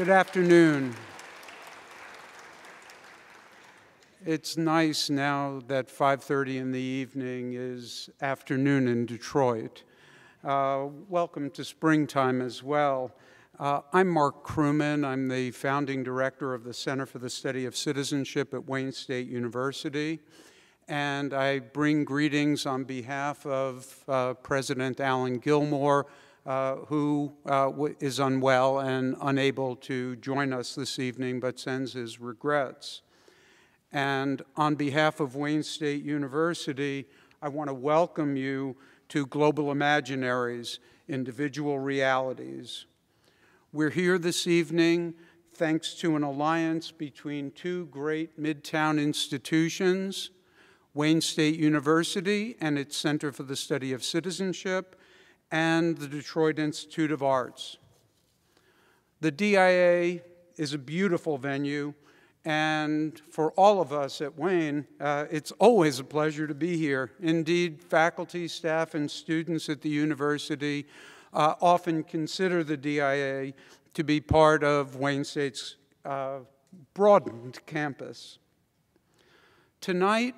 Good afternoon. It's nice now that 5:30 in the evening is afternoon in Detroit. Uh, welcome to springtime as well. Uh, I'm Mark Crewman. I'm the founding director of the Center for the Study of Citizenship at Wayne State University, and I bring greetings on behalf of uh, President Alan Gilmore, uh, who uh, is unwell and unable to join us this evening but sends his regrets. And on behalf of Wayne State University, I want to welcome you to Global Imaginaries, Individual Realities. We're here this evening thanks to an alliance between two great Midtown institutions, Wayne State University and its Center for the Study of Citizenship, and the Detroit Institute of Arts. The DIA is a beautiful venue, and for all of us at Wayne, uh, it's always a pleasure to be here. Indeed, faculty, staff, and students at the university uh, often consider the DIA to be part of Wayne State's uh, broadened campus. Tonight,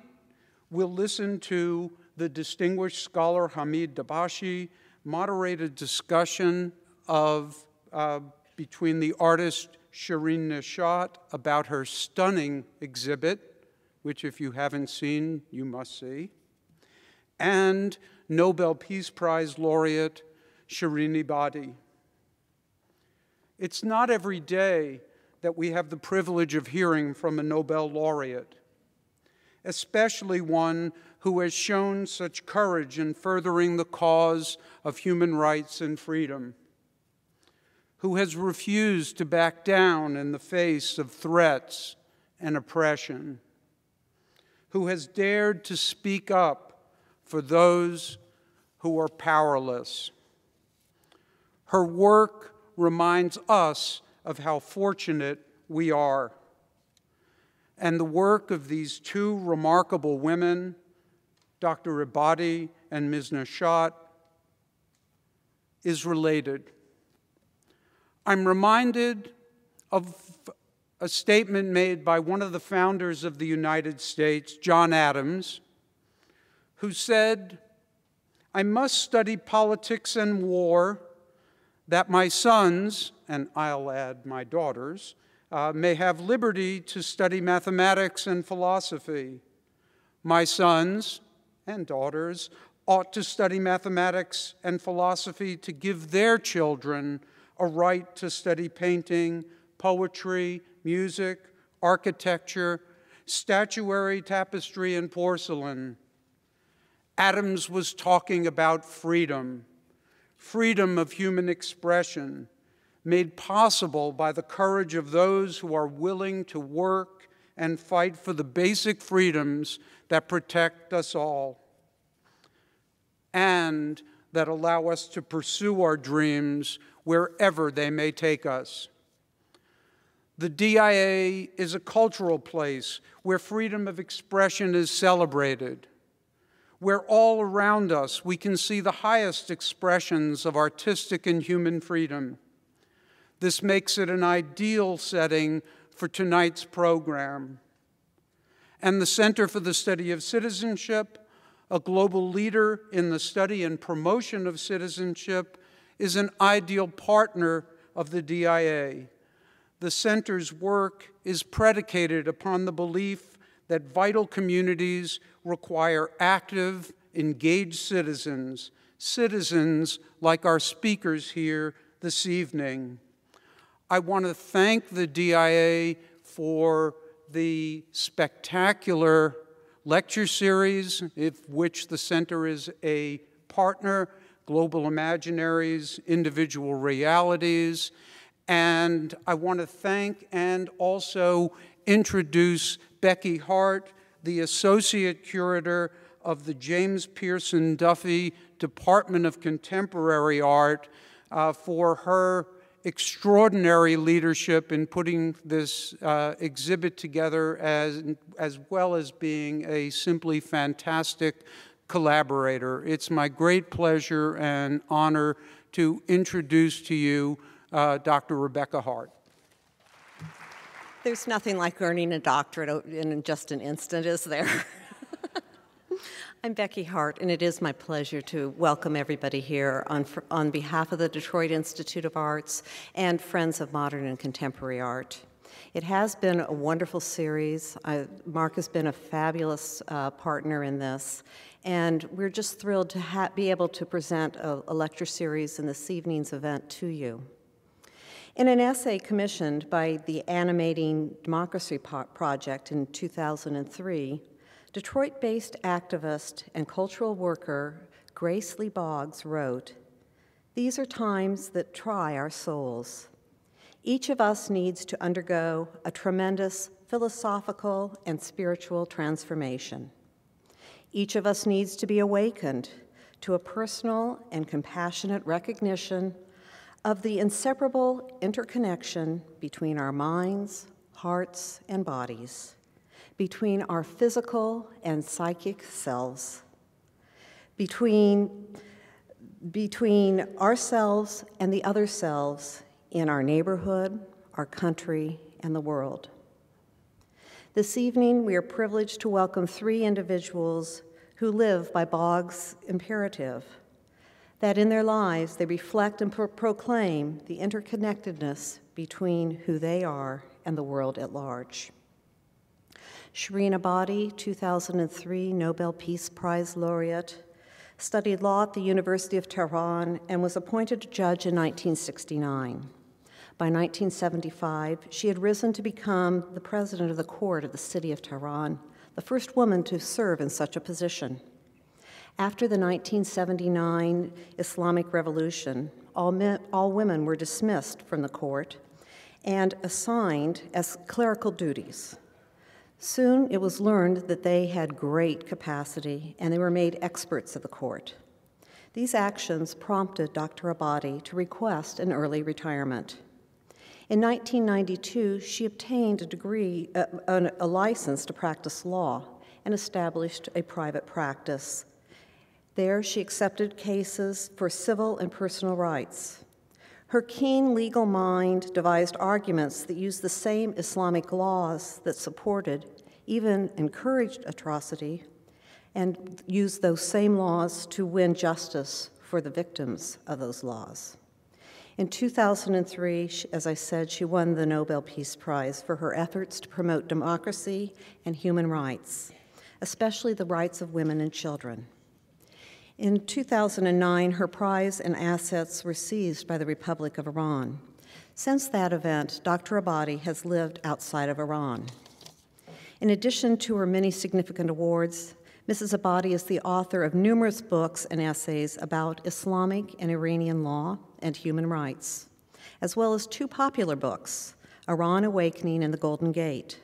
we'll listen to the distinguished scholar Hamid Dabashi moderated discussion of uh, between the artist Shireen Nishat about her stunning exhibit, which if you haven't seen, you must see, and Nobel Peace Prize laureate Shireen Badi. It's not every day that we have the privilege of hearing from a Nobel laureate, especially one who has shown such courage in furthering the cause of human rights and freedom, who has refused to back down in the face of threats and oppression, who has dared to speak up for those who are powerless. Her work reminds us of how fortunate we are. And the work of these two remarkable women Dr. Rabadi and Ms. Nashat, is related. I'm reminded of a statement made by one of the founders of the United States, John Adams, who said, I must study politics and war that my sons, and I'll add my daughters, uh, may have liberty to study mathematics and philosophy. My sons, and daughters ought to study mathematics and philosophy to give their children a right to study painting, poetry, music, architecture, statuary, tapestry, and porcelain. Adams was talking about freedom, freedom of human expression, made possible by the courage of those who are willing to work and fight for the basic freedoms that protect us all and that allow us to pursue our dreams wherever they may take us. The DIA is a cultural place where freedom of expression is celebrated, where all around us we can see the highest expressions of artistic and human freedom. This makes it an ideal setting for tonight's program. And the Center for the Study of Citizenship, a global leader in the study and promotion of citizenship, is an ideal partner of the DIA. The center's work is predicated upon the belief that vital communities require active, engaged citizens, citizens like our speakers here this evening. I want to thank the DIA for the spectacular lecture series, of which the center is a partner, Global Imaginaries, Individual Realities. And I want to thank and also introduce Becky Hart, the Associate Curator of the James Pearson Duffy Department of Contemporary Art, uh, for her extraordinary leadership in putting this uh, exhibit together as, as well as being a simply fantastic collaborator. It's my great pleasure and honor to introduce to you uh, Dr. Rebecca Hart. There's nothing like earning a doctorate in just an instant, is there? I'm Becky Hart, and it is my pleasure to welcome everybody here on, on behalf of the Detroit Institute of Arts and Friends of Modern and Contemporary Art. It has been a wonderful series. I, Mark has been a fabulous uh, partner in this, and we're just thrilled to be able to present a, a lecture series in this evening's event to you. In an essay commissioned by the Animating Democracy Project in 2003, Detroit based activist and cultural worker Grace Lee Boggs wrote These are times that try our souls. Each of us needs to undergo a tremendous philosophical and spiritual transformation. Each of us needs to be awakened to a personal and compassionate recognition of the inseparable interconnection between our minds, hearts, and bodies between our physical and psychic selves, between, between ourselves and the other selves in our neighborhood, our country, and the world. This evening, we are privileged to welcome three individuals who live by Boggs' imperative that in their lives they reflect and pro proclaim the interconnectedness between who they are and the world at large. Shireen Abadi, 2003 Nobel Peace Prize laureate, studied law at the University of Tehran and was appointed a judge in 1969. By 1975, she had risen to become the president of the court of the city of Tehran, the first woman to serve in such a position. After the 1979 Islamic Revolution, all, men, all women were dismissed from the court and assigned as clerical duties. Soon it was learned that they had great capacity and they were made experts of the court. These actions prompted Dr. Abadi to request an early retirement. In 1992, she obtained a degree, uh, a, a license to practice law, and established a private practice. There, she accepted cases for civil and personal rights. Her keen legal mind devised arguments that used the same Islamic laws that supported, even encouraged atrocity, and used those same laws to win justice for the victims of those laws. In 2003, as I said, she won the Nobel Peace Prize for her efforts to promote democracy and human rights, especially the rights of women and children. In 2009, her prize and assets were seized by the Republic of Iran. Since that event, Dr. Abadi has lived outside of Iran. In addition to her many significant awards, Mrs. Abadi is the author of numerous books and essays about Islamic and Iranian law and human rights, as well as two popular books, Iran Awakening and the Golden Gate.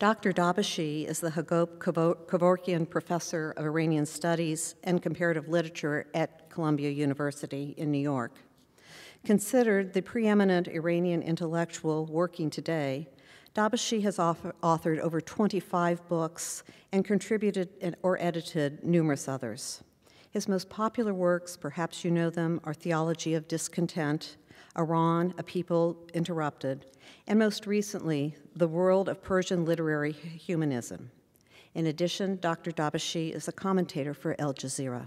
Dr. Dabashi is the Hagop Kevorkian Professor of Iranian Studies and Comparative Literature at Columbia University in New York. Considered the preeminent Iranian intellectual working today, Dabashi has authored over 25 books and contributed or edited numerous others. His most popular works, perhaps you know them, are Theology of Discontent, Iran, A People Interrupted, and most recently, The World of Persian Literary Humanism. In addition, Dr. Dabashi is a commentator for Al Jazeera.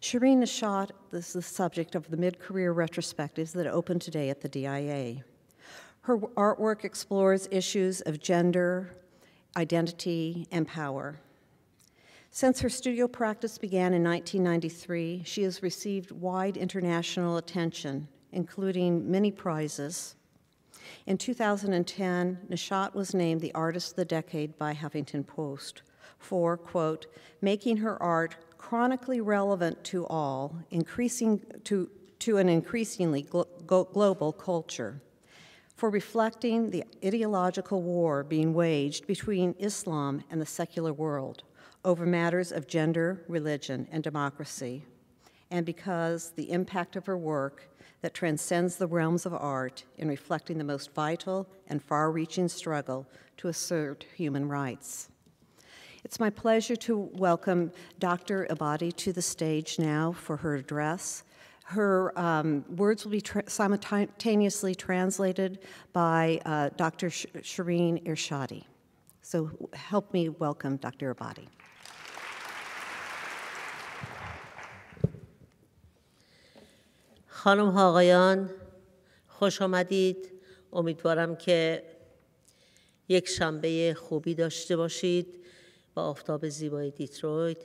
Shireen Nishad is the subject of the mid-career retrospectives that open today at the DIA. Her artwork explores issues of gender, identity, and power. Since her studio practice began in 1993, she has received wide international attention, including many prizes. In 2010, Nishat was named the Artist of the Decade by Huffington Post for, quote, making her art chronically relevant to all, increasing to, to an increasingly glo global culture, for reflecting the ideological war being waged between Islam and the secular world over matters of gender, religion, and democracy, and because the impact of her work that transcends the realms of art in reflecting the most vital and far reaching struggle to assert human rights. It's my pleasure to welcome Dr. Abadi to the stage now for her address. Her um, words will be tra simultaneously translated by uh, Dr. Sh Shireen Irshadi. So help me welcome Dr. Abadi. خانم ها آقایان خوش آمدید امیدوارم که یک شنبه خوبی داشته باشید با آفتاب زیبای دیترویت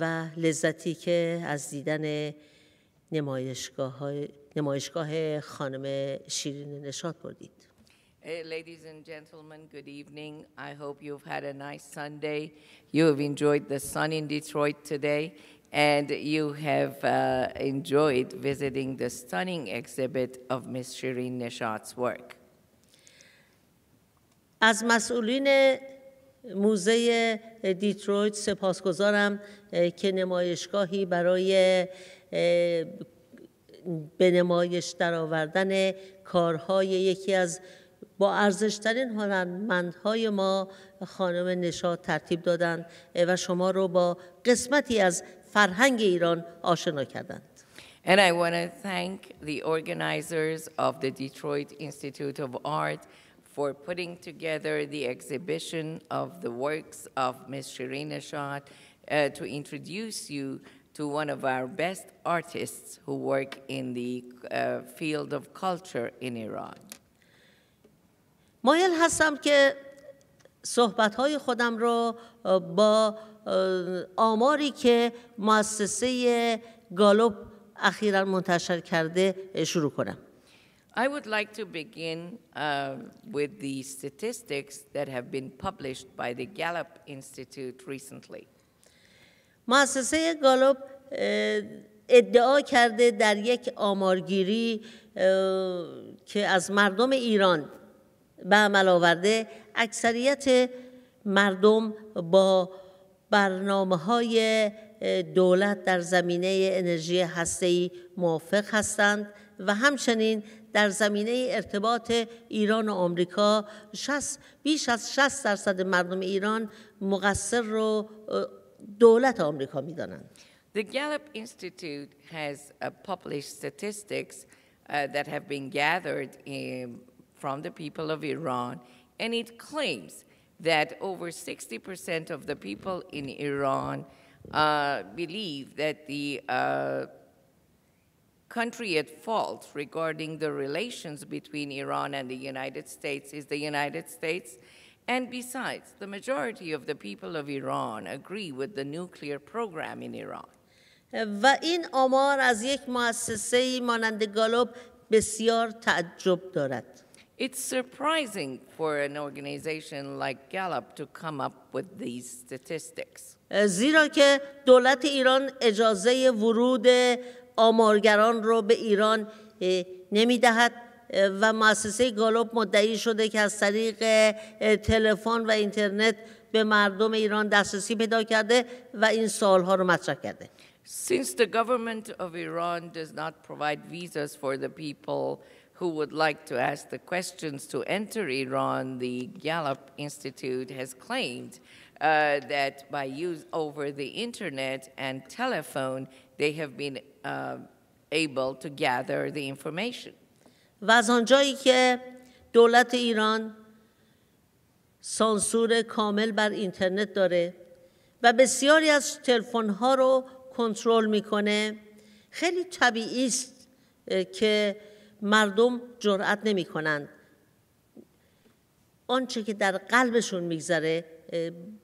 و لذتی که از دیدن نمایشگاه, های، نمایشگاه خانم شیرین نشاط بردید Ladies and gentlemen, good evening. I hope you've had a nice Sunday. You have enjoyed the sun in Detroit today. and you have uh, enjoyed visiting the stunning exhibit of Ms. Shireen Nishat's work. از مسئولین موزه دیترویت سپاسگزارم که نمایشگاهی برای به نمایش درآوردن کارهای یکی از با ارزشترین هنرمندهای ما خانم نشاد ترتیب دادند و شما رو با قسمتی از فرهنگ ایران آشنا کردند. And I want to thank the organizers of the Detroit Institute of Art for putting together the exhibition of the works of Ms. Shireen Ashad uh, to introduce you to one of our best artists who work in the uh, field of culture in Iran. مایل هستم که صحبت های خودم رو با آماری که مؤسسه گالوب اخیرا منتشر کرده شروع کنم. I would like to begin uh, with the statistics that have been published by the Gallup Institute recently. مؤسسه گالوب ادعا کرده در یک آمارگیری که از مردم ایران به عمل آورده اکثریت مردم با برنامه های دولت در زمینه انرژی ای موافق هستند و همچنین در زمینه ارتباط ایران و آمریکا بیش از 60 درصد مردم ایران مقصر رو دولت آمریکا میدانند. The Gallup Institute has uh, published statistics uh, that have been gathered um, from the people of Iran, and it claims that over 60% of the people in Iran uh, believe that the uh, country at fault regarding the relations between Iran and the United States is the United States. And besides, the majority of the people of Iran agree with the nuclear program in Iran. و این آمار از یک مؤسسه مانند گالوب بسیار تعجب دارد. It's surprising for an organization like Gallup to come up with these statistics. زیرا که دولت ایران اجازه ورود آمارگران رو به ایران نمیدهد و مؤسسه گالوب مدعی شده که از طریق تلفن و اینترنت به مردم ایران دسترسی پیدا کرده و این سوالها رو مطرح کرده. Since the government of Iran does not provide visas for the people who would like to ask the questions to enter Iran, the Gallup Institute has claimed uh, that by use over the internet and telephone, they have been uh, able to gather the information. و از آنجایی که دولت ایران سانسور کامل بر اینترنت داره و بسیاری از تلفن ها رو کنترل میکنه خیلی طبیعی است که مردم جرأت نمی کنند آنچه که در قلبشون میگذره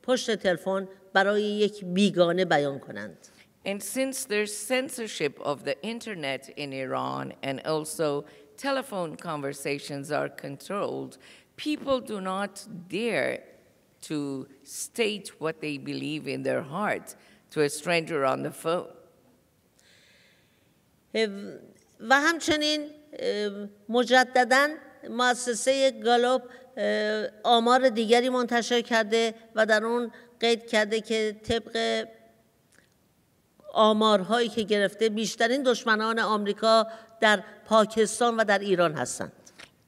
پشت تلفن برای یک بیگانه بیان کنند And since there's censorship of the internet in Iran and also telephone conversations are controlled, people do not dare to state what they believe in their heart to a stranger on the phone. و همچنین مجددا مؤسسه گالوب آمار دیگری منتشر کرده و در اون قید کرده که طبق آمارهایی که گرفته بیشترین دشمنان آمریکا در پاکستان و در ایران هستند.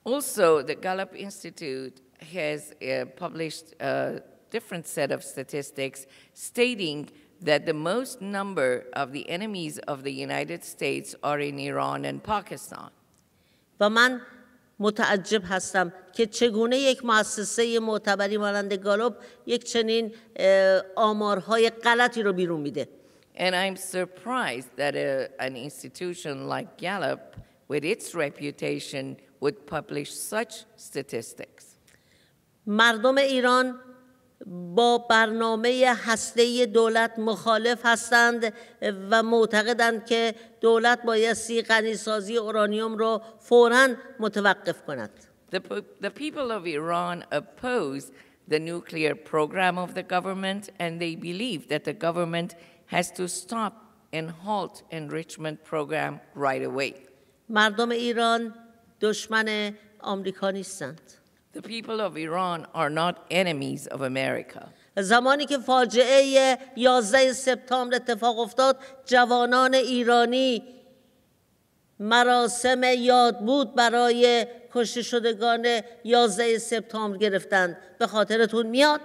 Also the Gallup Institute has uh, published a different set of statistics stating that the most number of the enemies of the United States are in Iran and Pakistan. و من متعجب هستم که چگونه یک مؤسسه معتبری مانند گالوب یک چنین آمارهای غلطی رو بیرون میده And I'm surprised that a, an institution like Gallup with its reputation would publish such statistics. مردم ایران با برنامه هسته دولت مخالف هستند و معتقدند که دولت بایستی غنیسازی اورانیوم را فورا متوقف کند. The, the people of Iran oppose the nuclear program of the government and they believe that the government has to stop and halt enrichment program right away. مردم ایران دشمن آمریکا نیستند. The people of Iran are not enemies of America. زمانی که فاجعه 11 سپتامبر اتفاق افتاد جوانان ایرانی مراسم یاد بود برای کشته شدگان 11 سپتامبر گرفتند به خاطرتون میاد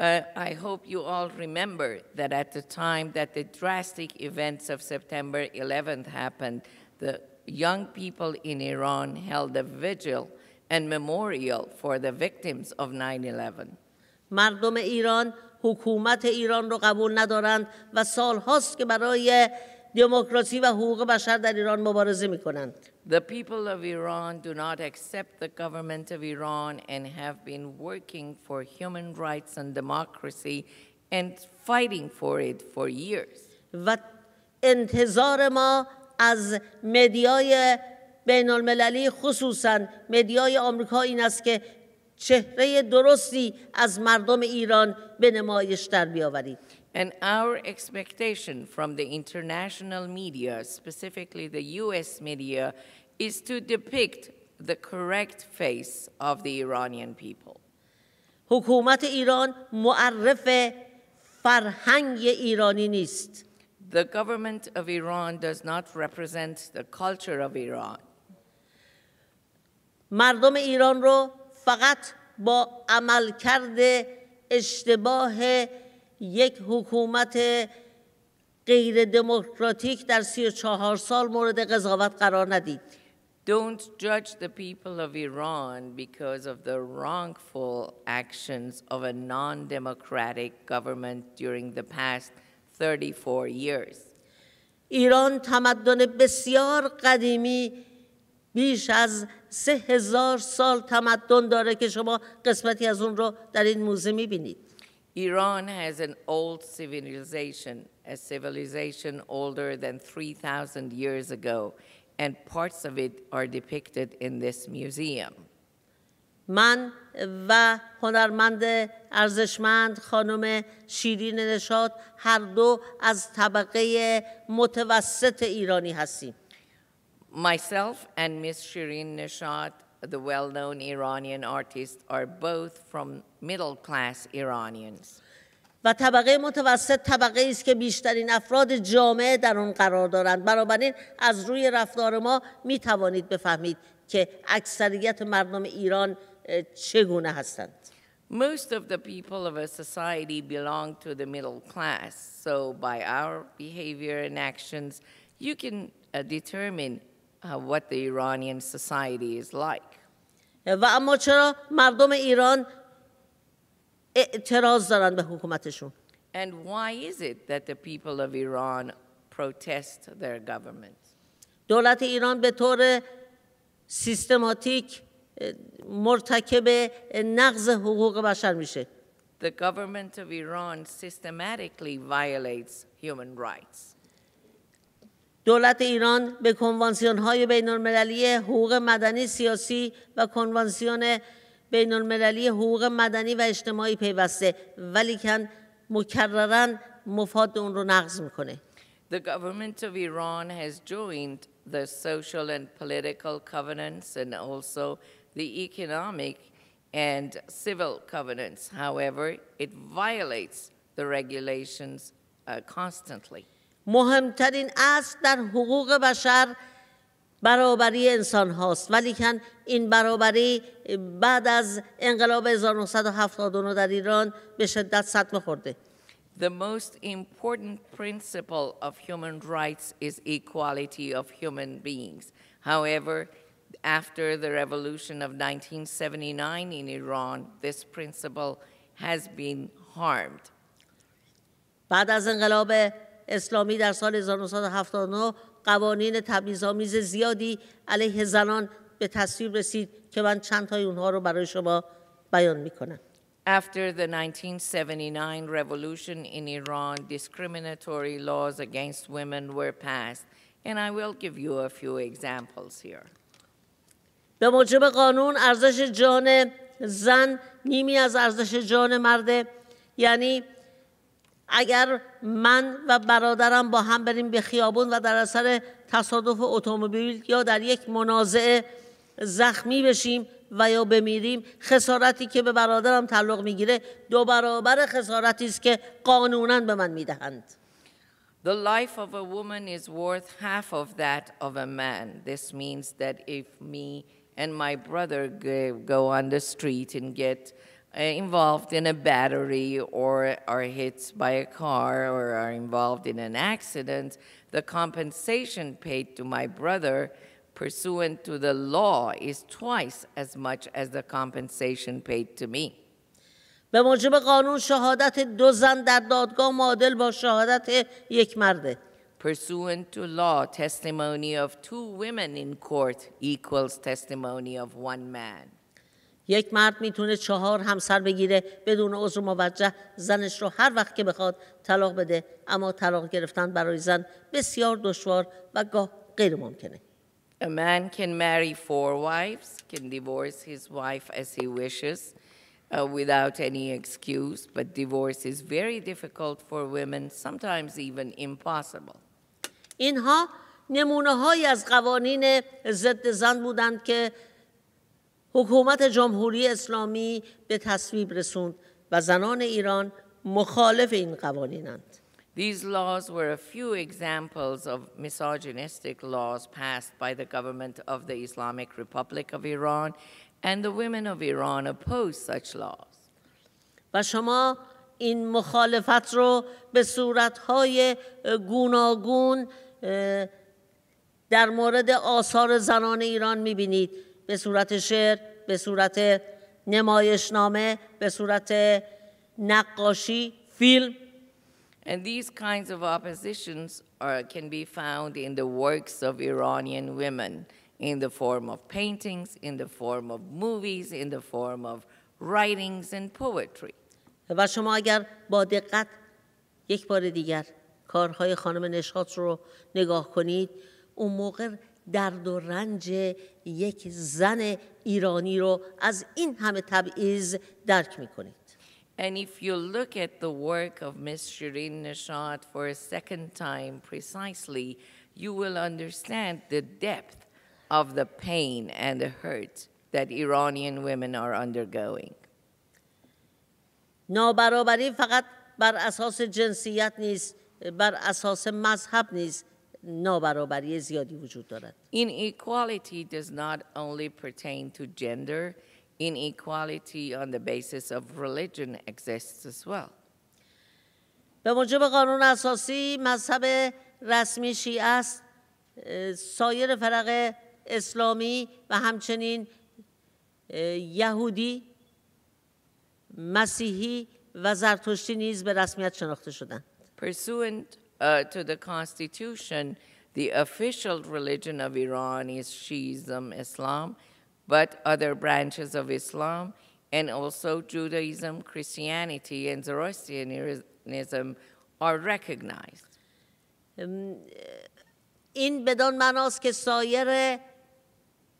Uh, I hope you all remember that at the time that the drastic events of September 11th happened, the young people in Iran held a vigil and memorial for the victims of 9-11. مردم ایران حکومت ایران رو قبول ندارند و سال هاست که برای دموکراسی و حقوق بشر در ایران مبارزه می کنند. The people of Iran do not accept the government of Iran and have been working for human rights and democracy and fighting for it for years. و انتظار ما از مدیای بین المللی خصوصا مدیای آمریکا این است که چهره درستی از مردم ایران به نمایش در بیاورید And our expectation from the international media, specifically the US media, is to depict the correct face of the Iranian people. حکومت ایران معرف فرهنگ ایرانی نیست. The government of Iran does not represent the culture of Iran. مردم ایران رو فقط با عملکرد اشتباه یک حکومت غیر دموکراتیک در 34 سال مورد قضاوت قرار ندید. Don't judge the people of Iran because of the wrongful actions of a non-democratic government during the past 34 years. ایران تمدن بسیار قدیمی بیش از سه هزار سال تمدن داره که شما قسمتی از اون رو در این موزه میبینید Iran has an old civilization, a civilization older than 3,000 years ago, and parts of it are depicted in this museum. من و هنرمند ارزشمند خانم شیرین نشاد هر دو از طبقه متوسط ایرانی هستیم. Myself and Miss Shirin Nishad, the well-known Iranian artist, are both from middle-class Iranians. و طبقه متوسط طبقه ای است که بیشترین افراد جامعه در اون قرار دارند بنابراین از روی رفتار ما می توانید بفهمید که اکثریت مردم ایران چگونه هستند Most of the people of a society belong to the middle class so by our behavior and actions you can uh, determine uh, what the Iranian society is like. Uh, و اما چرا مردم ایران اعتراض دارن به حکومتشون And why is it that the people of Iran protest their government? دولت ایران به طور سیستماتیک مرتکب نقض حقوق بشر میشه The government of Iran systematically violates human rights. دولت ایران به کنوانسیون های بین المللی حقوق مدنی سیاسی و کنوانسیون بین المللی حقوق مدنی و اجتماعی پیوسته ولیکن مکررن مفاد اون رو نقض میکنه The government of Iran has joined the social and political covenants and also the economic and civil covenants. However, it violates the regulations uh, constantly. مهمترین اصل در حقوق بشر برابری انسان هاست ولیکن این برابری بعد از انقلاب 1979 در ایران به شدت صدمه خورده The most important principle of human rights is equality of human beings. However, after the revolution of 1979 in Iran, this principle has been harmed. بعد از انقلاب اسلامی در سال 1979 قوانین تبعیض‌آمیز زیادی علیه زنان به تصویب رسید که من چند تای اونها رو برای شما بیان می‌کنم. After the 1979 revolution in Iran, discriminatory laws against women were passed, and I will give you a few examples here. به موجب قانون ارزش جان زن نیمی از ارزش جان مرده یعنی اگر من و برادرم با هم بریم به خیابون و در اثر تصادف اتومبیل یا در یک منازعه زخمی بشیم و یا بمیریم خسارتی که به برادرم تعلق میگیره دو برابر خسارتی است که قانونا به من میدهند The life of a woman is worth half of that of a man. This means that if me and my brother go on the street and get Eh, involved in a battery or are hit by a car or are involved in an accident, the compensation paid to my brother pursuant to the law is twice as much as the compensation paid to me. به موجب قانون شهادت دو زن در دادگاه معادل با شهادت یک مرده. Pursuant to law, testimony of two women in court equals testimony of one man. یک مرد میتونه چهار همسر بگیره بدون عذر موجه زنش رو هر وقت که بخواد طلاق بده اما طلاق گرفتن برای زن بسیار دشوار و گاه غیر ممکنه A man can marry four wives, can divorce his wife as he wishes uh, without any excuse, but divorce is very difficult for women, sometimes even impossible. اینها نمونه های از قوانین ضد زن بودند که حکومت جمهوری اسلامی به تصویب رسوند و زنان ایران مخالف این قوانینند. These laws were a few examples of misogynistic laws passed by the government of the Islamic Republic of Iran, and the women of Iran opposed such laws. و شما این مخالفت رو به صورت‌های گوناگون در مورد آثار زنان ایران می‌بینید. به صورت شعر به صورت نمایشنامه به صورت نقاشی فیلم And these kinds of oppositions are, can be found in the works of Iranian women in the form of paintings, in the form of movies, in the form of writings and poetry. و شما اگر با دقت یک بار دیگر کارهای خانم نشاط رو نگاه کنید اون موقع درد و رنج یک زن ایرانی رو از این همه تبعیض درک میکنید And if you look at the work of Ms. Shirin Nishad for a second time precisely, you will understand the depth of the pain and the hurt that Iranian women are undergoing. نابرابری فقط بر اساس جنسیت نیست بر اساس مذهب نیست نابرابری زیادی وجود دارد Inequality does not only pertain to gender inequality on the basis of religion exists as well به موجب قانون اساسی مذهب رسمی شیعه است سایر فرق اسلامی و همچنین یهودی مسیحی و زرتشتی نیز به رسمیت شناخته شدند Pursuant uh, to the Constitution, the official religion of Iran is Shiism, Islam, but other branches of Islam, and also Judaism, Christianity, and Zoroastrianism are recognized. Um, uh, این بدان معناست که سایر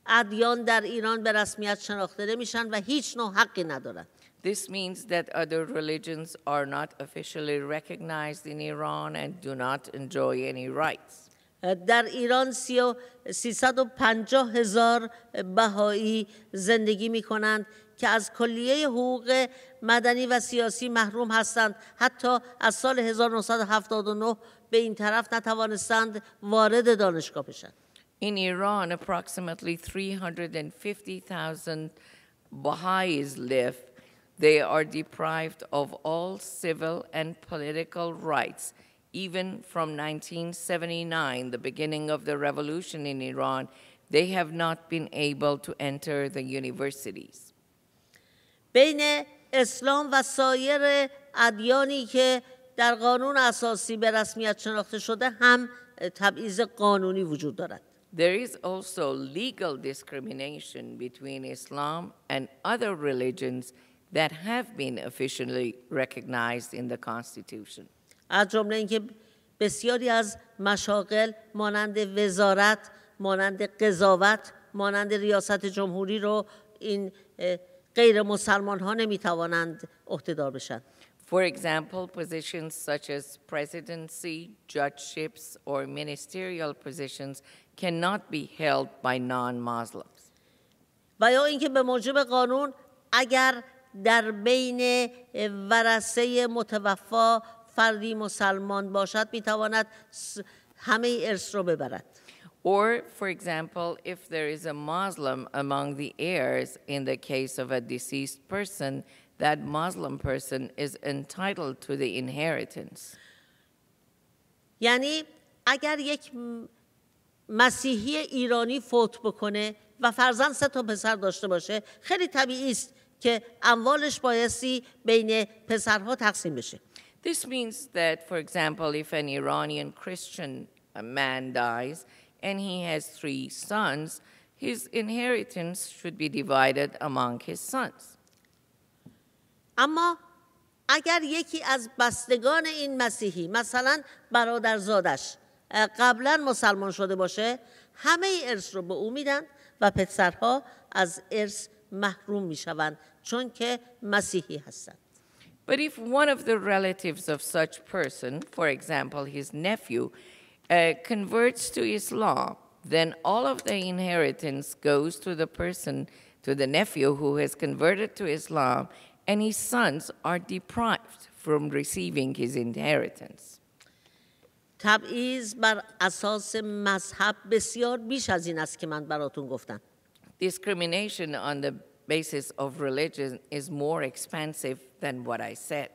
ادیان در ایران به رسمیت شناخته نمیشن و هیچ نوع حقی ندارند. This means that other religions are not officially recognized in Iran and do not enjoy any rights. Uh, در ایران 350 هزار بهایی زندگی می کنند که از کلیه حقوق مدنی و سیاسی محروم هستند حتی از سال 1979 به این طرف نتوانستند وارد دانشگاه In Iran approximately 350,000 Baha'is live they are deprived of all civil and political rights, even from 1979, the beginning of the revolution in Iran, they have not been able to enter the universities. بین اسلام و سایر ادیانی که در قانون اساسی به رسمیت شناخته شده هم تبعیض قانونی وجود دارد. There is also legal discrimination between Islam and other religions that have been officially recognized in the Constitution. از جمله اینکه بسیاری از مشاغل مانند وزارت، مانند قضاوت، مانند ریاست جمهوری رو این غیر مسلمان ها نمی توانند عهدهدار بشن. For example, positions such as presidency, judgeships, or ministerial positions cannot be held by non-Muslims. و یا اینکه به موجب قانون اگر در بین ورسه متوفا فردی مسلمان باشد می تواند همه ارث رو ببرد Or, for example, if there is a Muslim among the heirs in the case of a deceased person, that Muslim person is entitled to the inheritance. یعنی اگر یک مسیحی ایرانی فوت بکنه و فرزند سه تا پسر داشته باشه خیلی طبیعی است که اموالش بایستی بین پسرها تقسیم بشه This means that, for example, if an Iranian Christian man dies and he has three sons, his inheritance should be divided among his sons. اما اگر یکی از بستگان این مسیحی مثلا برادرزادش قبلا مسلمان شده باشه همه ارث رو به او میدن و پسرها از ارث محروم می شوند چون که مسیحی هستند But if one of the relatives of such person, for example his nephew, uh, converts to Islam, then all of the inheritance goes to the person, to the nephew who has converted to Islam, and his sons are deprived from receiving his inheritance. تبعیض بر اساس مذهب بسیار بیش از این است که من براتون گفتم. discrimination on the basis of religion is more expansive than what I said.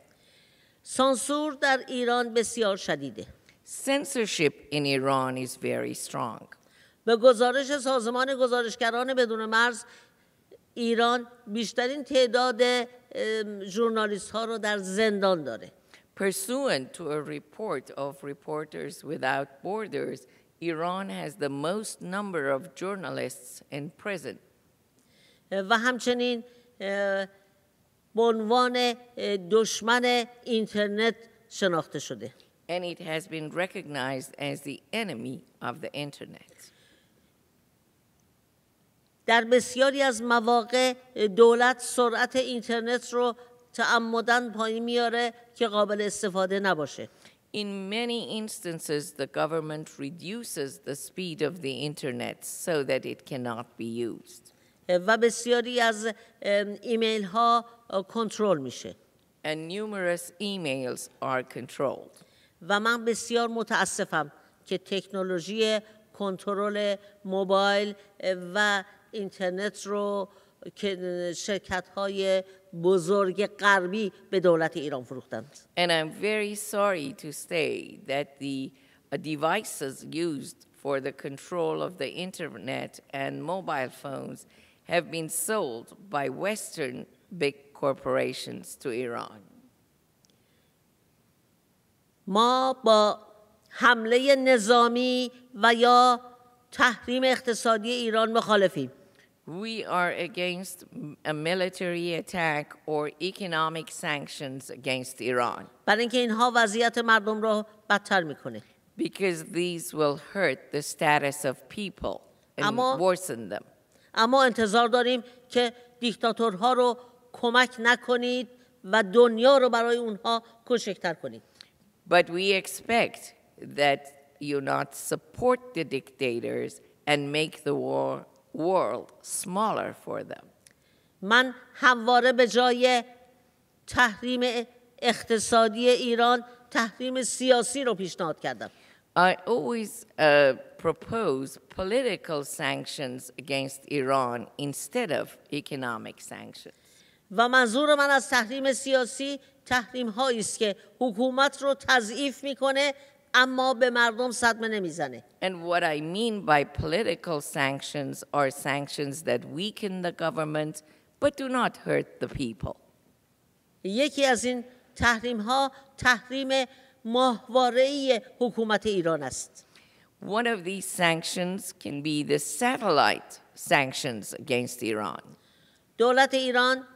سانسور در ایران بسیار شدیده. Censorship in Iran is very strong. به گزارش سازمان گزارشگران بدون مرز ایران بیشترین تعداد ژورنالیست ها رو در زندان داره. Pursuant to a report of Reporters Without Borders Iran has the most number of journalists in prison. و همچنین به عنوان دشمن اینترنت شناخته شده. And it has been recognized as the enemy of the internet. در بسیاری از مواقع دولت سرعت اینترنت رو تعمدن پایین میاره که قابل استفاده نباشه. In many instances, the government reduces the speed of the internet so that it cannot be used. And numerous emails are controlled. و من بسیار متاسفم که تکنولوژی کنترل موبایل و اینترنت رو که شرکت های بزرگ غربی به دولت ایران فروختند. And I'm very sorry to say that the devices used for the control of the internet and mobile phones have been sold by Western big corporations to Iran. ما با حمله نظامی و یا تحریم اقتصادی ایران مخالفیم. we are against a military attack or economic sanctions against Iran. Because these will hurt the status of people and worsen them. اما انتظار داریم که دیکتاتورها رو کمک نکنید و دنیا رو برای اونها کوچکتر کنید. But we expect that you not support the dictators and make the war world smaller for them. من همواره به جای تحریم اقتصادی ایران تحریم سیاسی رو پیشنهاد کردم. I always uh, propose political sanctions against Iran instead of economic sanctions. و منظور من از تحریم سیاسی تحریم هایی است که حکومت رو تضعیف میکنه اما به مردم صدمه نمیزنه And what I mean by political sanctions are sanctions that weaken the government but do not hurt the people. یکی از این تحریم ها تحریم ماهواره حکومت ایران است. One of these sanctions can be the satellite sanctions against Iran. دولت ایران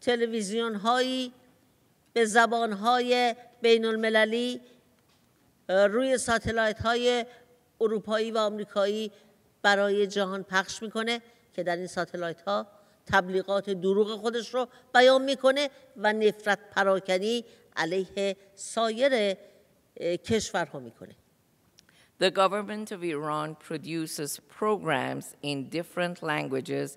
تلویزیون هایی به زبان های بین المللی روی ساتلایت های اروپایی و آمریکایی برای جهان پخش میکنه که در این ساتلایت ها تبلیغات دروغ خودش رو بیان میکنه و نفرت پراکنی علیه سایر کشورها میکنه The government of Iran produces programs in different languages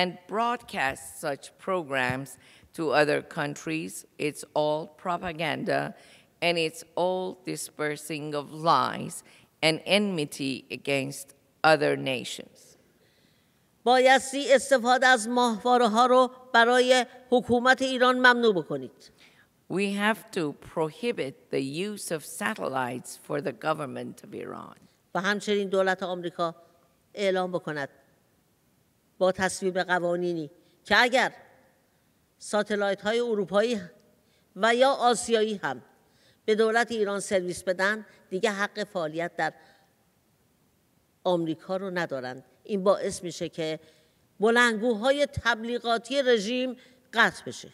and broadcasts such programs to other countries. It's all propaganda and its all dispersing of lies and enmity against other nations. بایستی استفاده از ماهواره ها رو برای حکومت ایران ممنوع بکنید. We have to prohibit the use of satellites for the government of Iran. و همچنین دولت آمریکا اعلام بکند با تصویب قوانینی که اگر ساتلایت های اروپایی و یا آسیایی هم به دولت ایران سرویس بدن دیگه حق فعالیت در آمریکا رو ندارند این باعث میشه که بلندگوهای تبلیغاتی رژیم قطع بشه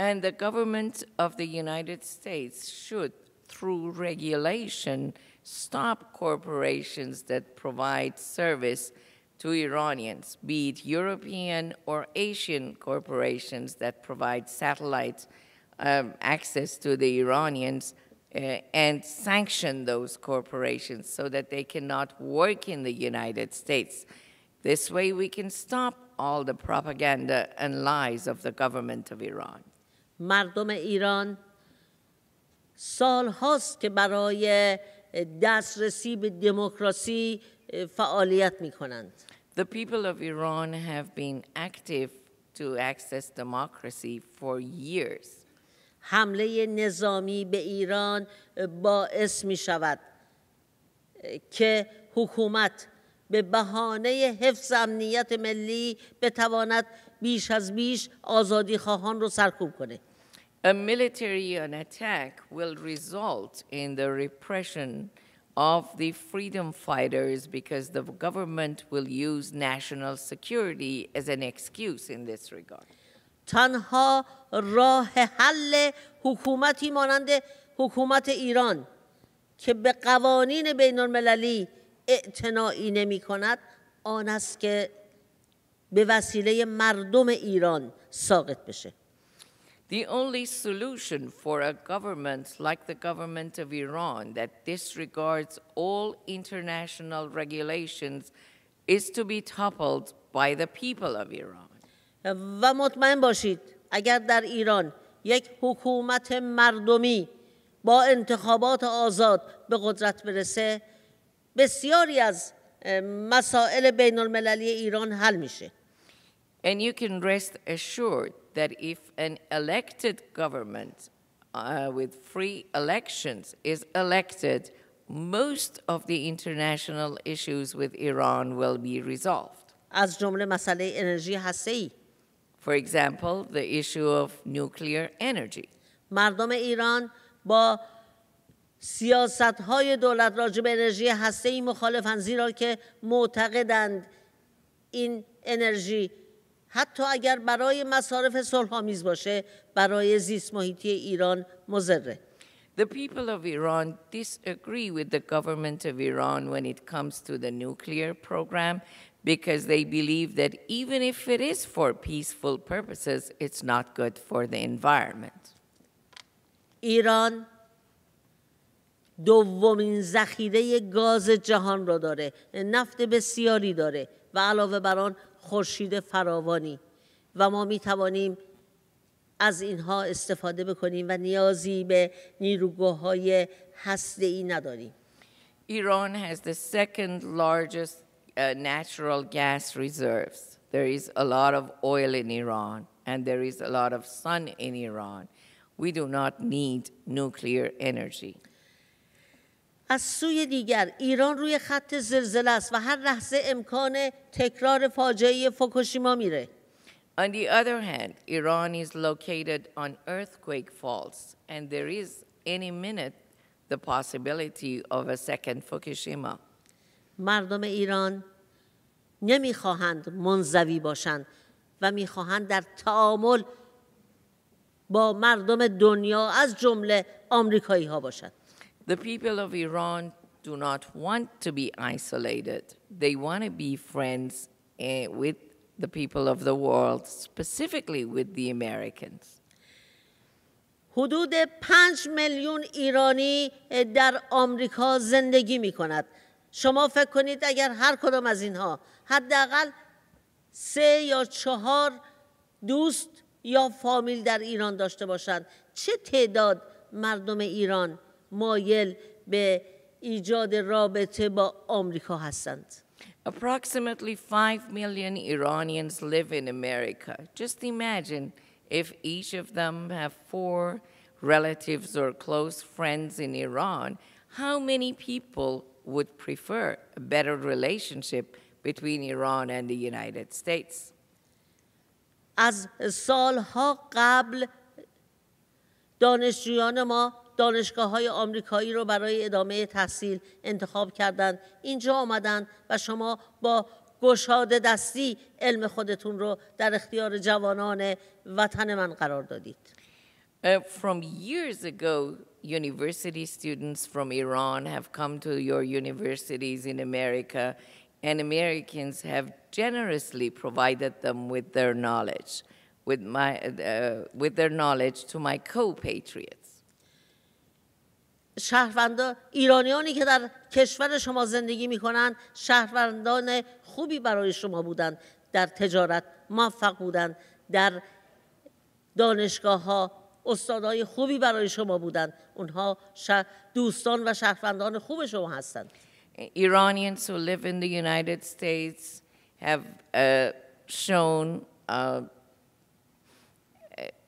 and the government of the United States should, through regulation, stop corporations that provide service to Iranians, be it European or Asian corporations that provide satellites Um, access to the Iranians uh, and sanction those corporations so that they cannot work in the United States. This way we can stop all the propaganda and lies of the government of Iran. مردم ایران سال هاست که برای دسترسی به دموکراسی فعالیت می کنند. The people of Iran have been active to access democracy for years. حمله نظامی به ایران باعث می شود که حکومت به بهانه حفظ امنیت ملی بتواند بیش از بیش آزادی خواهان رو سرکوب کنه A military attack will result in the repression of the freedom fighters because the government will use national security as an excuse in this regard. تنها راه حل حکومتی مانند حکومت ایران که به قوانین بین المللی اعتناعی نمی کند آن است که به وسیله مردم ایران ساقط بشه The only solution for a government like the government of Iran that disregards all international regulations is to be toppled by the people of Iran. و مطمئن باشید اگر در ایران یک حکومت مردمی با انتخابات آزاد به قدرت برسه بسیاری از مسائل بین المللی ایران حل میشه And you can rest assured that if an elected government uh, with free elections is elected, most of the international issues with Iran will be resolved. از جمله مسئله انرژی هسته‌ای For example, the issue of nuclear energy. مردم ایران با سیاست های دولت راجع به انرژی هسته ای مخالفن زیرا که معتقدند این انرژی حتی اگر برای مصارف صلحآمیز باشه برای زیست محیطی ایران مضره The people of Iran disagree with the government of Iran when it comes to the nuclear program because they believe that even if it is for peaceful purposes, it's not good for the environment. ایران دومین ذخیره گاز جهان را داره نفت بسیاری داره و علاوه بر آن خورشید فراوانی و ما می توانیم از اینها استفاده بکنیم و نیازی به نیروگاه های هسته ای نداریم Iran has the second largest uh, natural gas reserves. There is a lot of oil in Iran, and there is a lot of sun in Iran. We do not need nuclear energy. از سوی دیگر ایران روی خط زلزله است و هر لحظه امکان تکرار فاجعه فوکوشیما میره. On the other hand, Iran is located on earthquake faults and there is any minute the possibility of a second Fukushima. مردم ایران نمیخواهند منزوی باشند و میخواهند در تعامل با مردم دنیا از جمله آمریکایی ها باشند The people of Iran do not want to be isolated. They want to be friends eh, with the people of the world, specifically with the Americans. حدود 5 میلیون ایرانی eh, در آمریکا زندگی می کند. شما فکر کنید اگر هر کدام از اینها حداقل سه یا چهار دوست یا فامیل در ایران داشته باشند چه تعداد مردم ایران مایل به ایجاد رابطه با آمریکا هستند Approximately 5 million Iranians live in America. Just imagine if each of them have four relatives or close friends in Iran, how many people would prefer a از سالها قبل دانشجویان ما دانشگاه های آمریکایی رو برای ادامه تحصیل انتخاب کردند اینجا آمدند و شما با گشاد دستی علم خودتون رو در اختیار جوانان وطن من قرار دادید. Uh, university students from Iran have come to your universities in America, and Americans have generously provided them with their knowledge, with, my, uh, with their knowledge to my co-patriots. شهروندان ایرانیانی که در کشور شما زندگی می کنند شهروندان خوبی برای شما بودند در تجارت موفق بودند در دانشگاه ها خوبی برای شما اونها دوستان و شهروندان خوب شما هستند Iranians who live in the United States have uh, shown uh,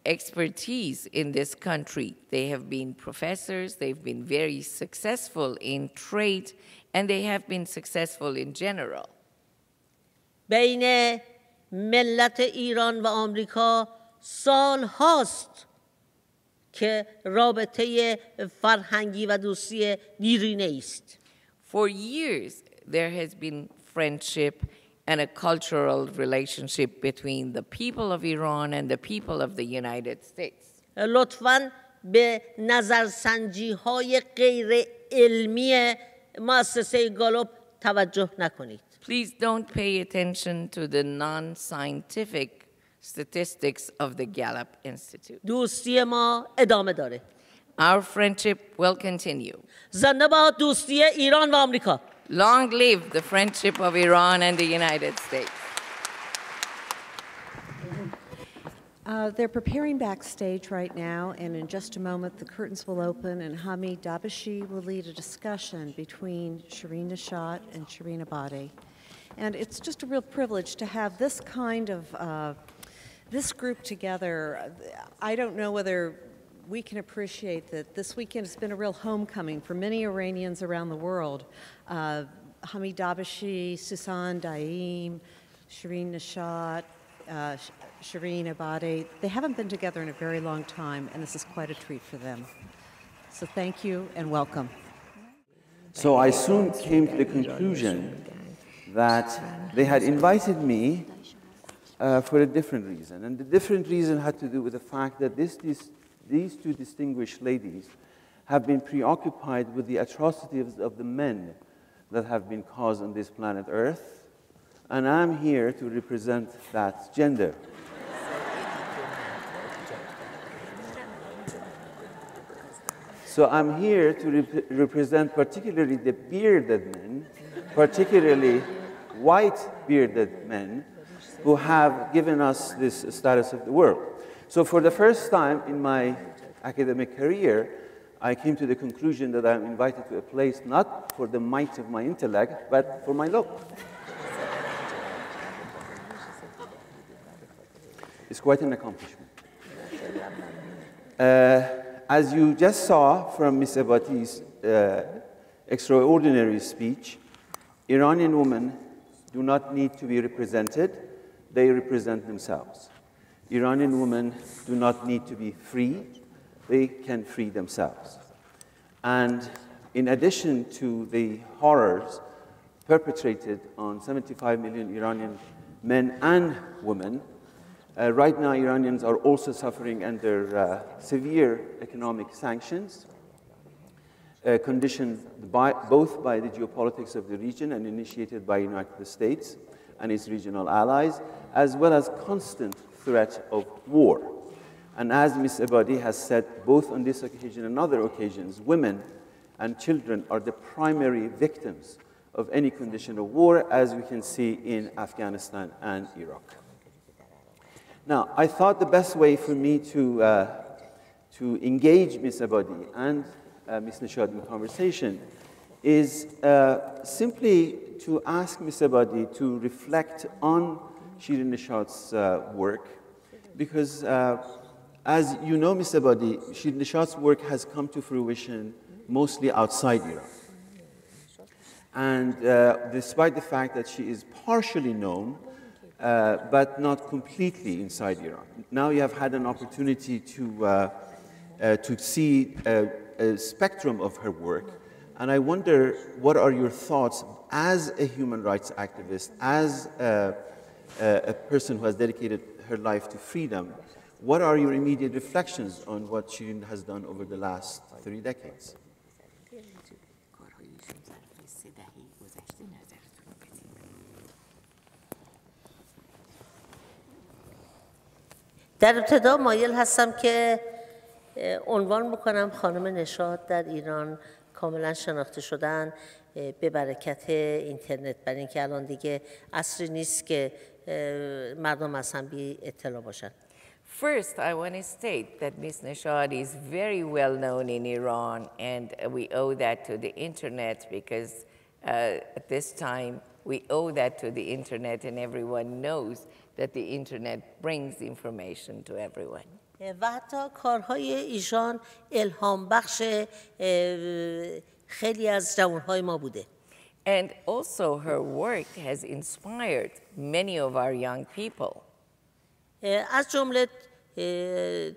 expertise in this country. They have been professors, they've been very successful in trade, and they have been successful in general. بین ملت ایران و آمریکا سال هاست که رابطه فرهنگی و دوستی دیرینه است. For years there has been friendship and a cultural relationship between the people of Iran and the people of the United States. لطفاً به نظرسنجی های غیر علمی مؤسسه گالوب توجه نکنید. Please don't pay attention to the non-scientific statistics of the Gallup Institute. Our friendship will continue. Long live the friendship of Iran and the United States. Uh, they're preparing backstage right now, and in just a moment, the curtains will open, and Hamid Dabashi will lead a discussion between Shireen Nishat and Shireen Abadi. And it's just a real privilege to have this kind of uh, this group together, I don't know whether we can appreciate that this weekend has been a real homecoming for many Iranians around the world. Uh, Hamid Dabashi, Susan Daim, Shireen Nishat, uh, Shireen Abadi, they haven't been together in a very long time, and this is quite a treat for them. So thank you and welcome. So I soon came to the conclusion that they had invited me uh, for a different reason. And the different reason had to do with the fact that this, this, these two distinguished ladies have been preoccupied with the atrocities of the men that have been caused on this planet Earth. And I'm here to represent that gender. So I'm here to rep represent particularly the bearded men, particularly white bearded men, who have given us this status of the world. So for the first time in my academic career, I came to the conclusion that I'm invited to a place not for the might of my intellect, but for my look. it's quite an accomplishment. Uh, as you just saw from Ms. Abati's uh, extraordinary speech, Iranian women do not need to be represented they represent themselves. Iranian women do not need to be free, they can free themselves. And in addition to the horrors perpetrated on 75 million Iranian men and women, uh, right now Iranians are also suffering under uh, severe economic sanctions, uh, conditioned by, both by the geopolitics of the region and initiated by United States and its regional allies, as well as constant threat of war. And as Ms. Abadi has said, both on this occasion and other occasions, women and children are the primary victims of any condition of war, as we can see in Afghanistan and Iraq. Now, I thought the best way for me to, uh, to engage Ms. Abadi and uh, Ms. Nishad in conversation is uh, simply to ask Ms. Abadi to reflect on Shirin Nishad's uh, work because uh, as you know, Ms. Abadi, Shirin Nishad's work has come to fruition mostly outside Iran. And uh, despite the fact that she is partially known, uh, but not completely inside Iran. Now you have had an opportunity to, uh, uh, to see a, uh, a, spectrum of her work, and I wonder what are your thoughts as a human rights activist, as a, a, person who has dedicated her life to freedom, what are your immediate reflections on what Shirin has done over the last three decades? در ابتدا مایل هستم که عنوان بکنم خانم نشاد در ایران کاملا شناخته شدن به برکت اینترنت برای اینکه الان دیگه عصری نیست که مردم اصلا بی اطلاع باشن First, I want to state that Ms. Nishad is very well known in Iran, and we owe that to the internet because uh, at this time we owe that to the internet, and everyone knows that the internet brings information to everyone. کارهای ایشان الهام بخش خیلی از جوانهای ما بوده And also her work has inspired many of our young people. از جمله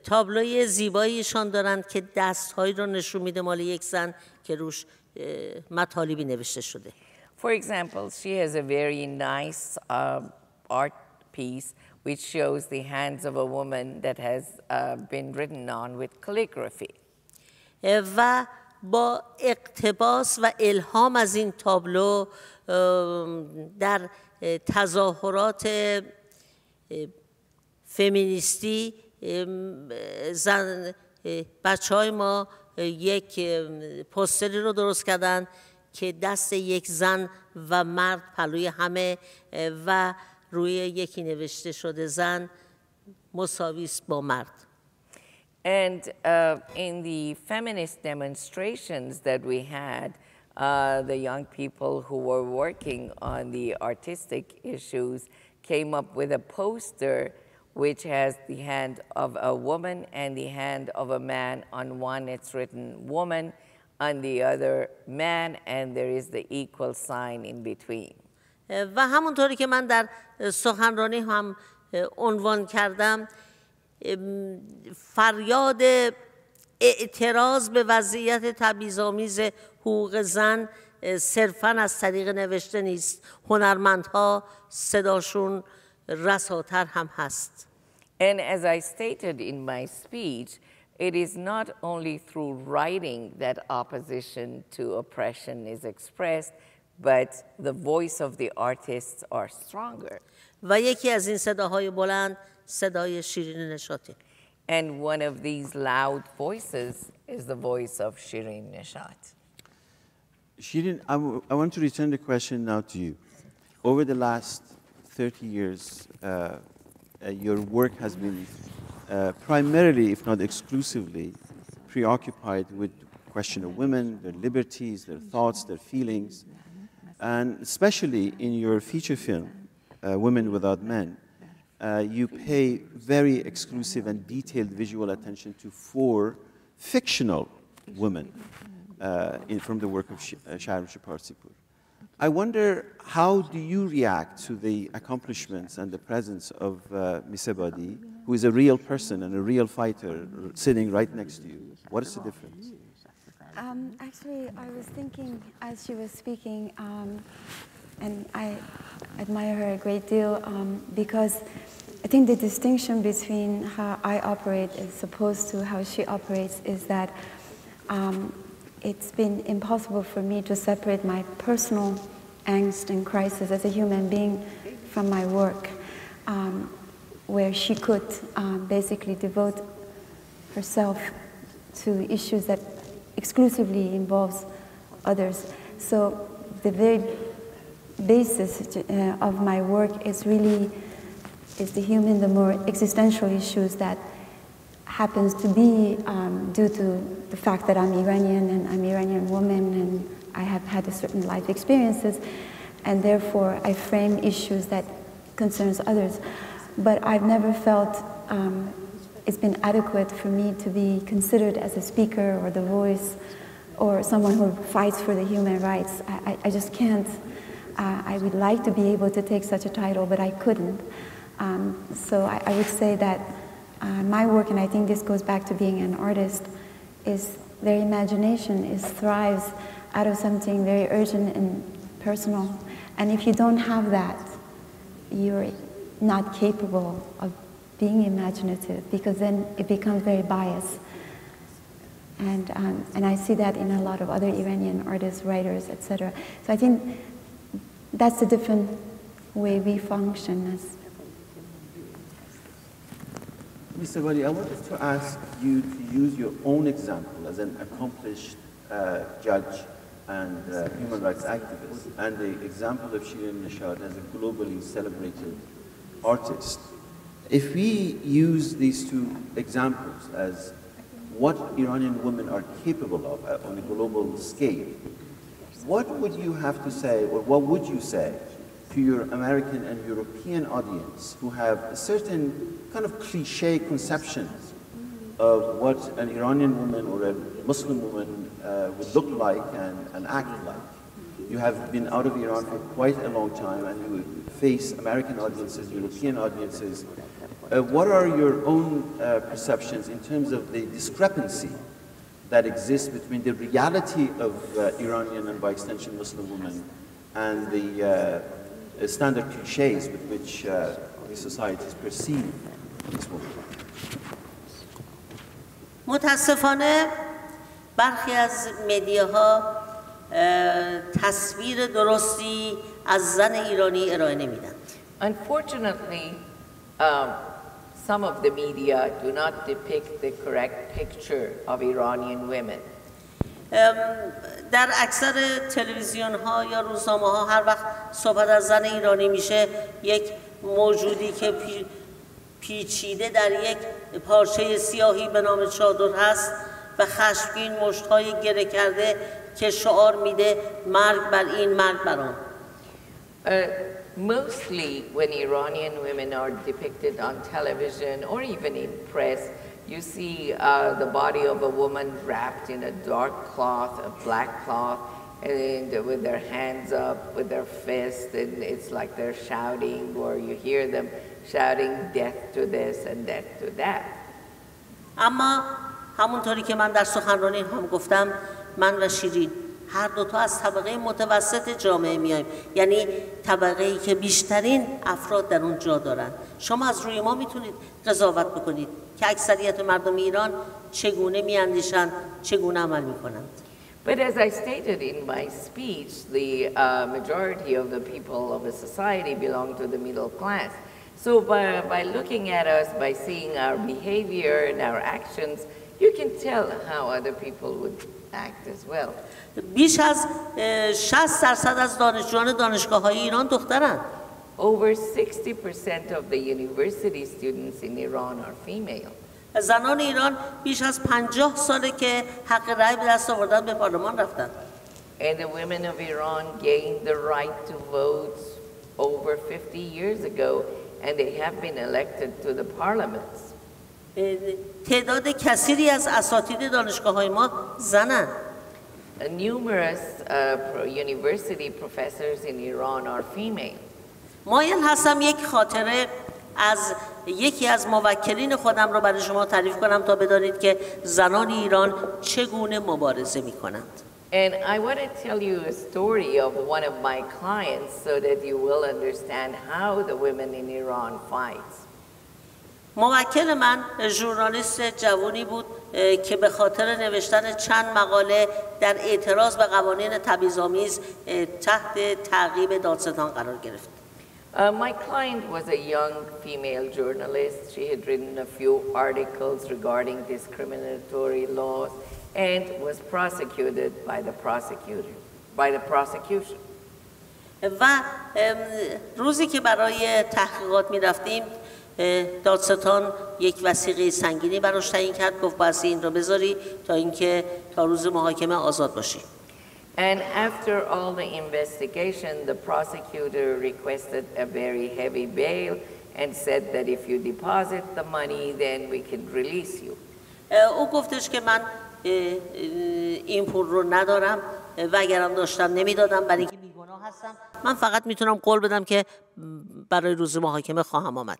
تابلوی زیباییشان دارند که دستهایی را نشون میده مال یک زن که روش مطالبی نوشته شده. For example, she has a very nice uh, art piece which shows the hands of a woman that has uh, been written on with calligraphy. و با اقتباس و الهام از این تابلو در تظاهرات فمینیستی زن بچه های ما یک پستری رو درست کردن که دست یک زن و مرد پلوی همه و روی یکی نوشته شده زن مساویس با مرد And uh, in the feminist demonstrations that we had, uh, the young people who were working on the artistic issues came up with a poster which has the hand of a woman and the hand of a man. On one, it's written woman, on the other, man, and there is the equal sign in between. Uh, و همونطوری که من در uh, سخنرانی هم uh, عنوان کردم فریاد اعتراض به وضعیت تبعیض‌آمیز حقوق زن صرفا از طریق نوشته نیست هنرمندها صداشون رساتر هم هست And as I stated in my speech, it is not only through writing that opposition to oppression is expressed, but the voice of the artists are stronger. و یکی از این صداهای بلند صدای شیرین And one of these loud voices is the voice of Shirin Nishat. Shirin, I, want to return the question now to you. Over the last 30 years, uh, uh, your work has been uh, primarily, if not exclusively, preoccupied with the question of women, their liberties, their thoughts, their feelings, and especially in your feature film, uh, Women Without Men, uh, you pay very exclusive and detailed visual attention to four fictional women uh, in, from the work of Sh uh, I wonder how do you react to the accomplishments and the presence of uh, Misebadi, who is a real person and a real fighter sitting right next to you? What is the difference? Um, actually, I was thinking as she was speaking, um, and I admire her a great deal um, because I think the distinction between how I operate as opposed to how she operates is that um, it's been impossible for me to separate my personal angst and crisis as a human being from my work, um, where she could um, basically devote herself to issues that exclusively involves others. So the very basis to, uh, of my work is really is the human, the more existential issues that happens to be um, due to the fact that I'm Iranian and I'm Iranian woman and I have had a certain life experiences and therefore I frame issues that concerns others. But I've never felt um, it's been adequate for me to be considered as a speaker or the voice or someone who fights for the human rights. I, I just can't uh, I would like to be able to take such a title, but I couldn't. Um, so I, I, would say that uh, my work, and I think this goes back to being an artist, is their imagination is thrives out of something very urgent and personal. And if you don't have that, you're not capable of being imaginative because then it becomes very biased. And, um, and I see that in a lot of other Iranian artists, writers, etc. So I think that's a different way we function as. Mr. Wali, I wanted to ask you to use your own example as an accomplished uh, judge and uh, human rights activist, and the example of Shirin Nishad as a globally celebrated artist. If we use these two examples as what Iranian women are capable of uh, on a global scale, what would you have to say, or what would you say to your American and European audience who have a certain kind of cliche conceptions of what an Iranian woman or a Muslim woman uh, would look like and, and act like? You have been out of Iran for quite a long time and you face American audiences, European audiences. Uh, what are your own uh, perceptions in terms of the discrepancy that exists between the reality of uh, Iranian and by extension Muslim women and the uh, uh standard cliches with which uh, societies perceive these women. متاسفانه برخی از تصویر درستی از زن ایرانی ارائه نمیدن. Unfortunately, um, در اکثر تلویزیون ها یا روزنامه ها هر وقت صحبت از زن ایرانی میشه یک موجودی که پیچیده در یک پارچه سیاهی به نام چادر هست و خشمگین مشتهای گره کرده که شعار میده مرگ بر این مرگ بر آن mostly when Iranian women are depicted on television or even in press, you see uh, the body of a woman wrapped in a dark cloth, a black cloth, and with their hands up, with their fists, and it's like they're shouting, or you hear them shouting death to this and death to that. اما همونطوری که من در سخنرانی هم گفتم من و شیرین هر دوتا از طبقه متوسط جامعه میایم یعنی طبقه ای که بیشترین افراد در اون جا دارن شما از روی ما میتونید قضاوت بکنید که اکثریت مردم ایران چگونه میاندیشند چگونه عمل میکنند But as I stated in my speech, the uh, majority of the people of a society belong to the middle class. So by, by looking at us, by seeing our behavior and our actions, you can tell how other people would act as well. بیش از 60 درصد از دانشجویان دانشگاه های ایران دخترند. Over 60% of the university students in Iran are female. زنان ایران بیش از 50 ساله که حق رأی به دست آوردن به پارلمان رفتند. And the women of Iran gained the right to vote over 50 years ago and they have been elected to the parliaments. تعداد کثیری از اساتید دانشگاه های ما زنند. numerous uh, university professors in Iran are female. مایل هستم یک خاطره از یکی از موکلین خودم رو برای شما تعریف کنم تا بدانید که زنان ایران چگونه مبارزه می کنند. And I want to tell you a story of one of my clients so that you will understand how the women in Iran fight. موکل من ژورنالیست جوانی بود که به خاطر نوشتن چند مقاله در اعتراض به قوانین تبعیض‌آمیز تحت تعقیب دادستان قرار گرفت. Uh, my client was a young female journalist. She had written a few articles regarding discriminatory laws and was prosecuted by the prosecutor, by the prosecution. و روزی که برای تحقیقات می رفتیم دادستان یک وسیقه سنگینی براش تعیین کرد گفت باید این رو بذاری تا اینکه تا روز محاکمه آزاد باشی And after all the investigation, the prosecutor requested a very heavy bail and said that if you deposit the money, then we can release you. او گفتش که من این پول رو ندارم و اگرم داشتم نمیدادم برای اینکه بیگناه هستم من فقط میتونم قول بدم که برای روز محاکمه خواهم آمد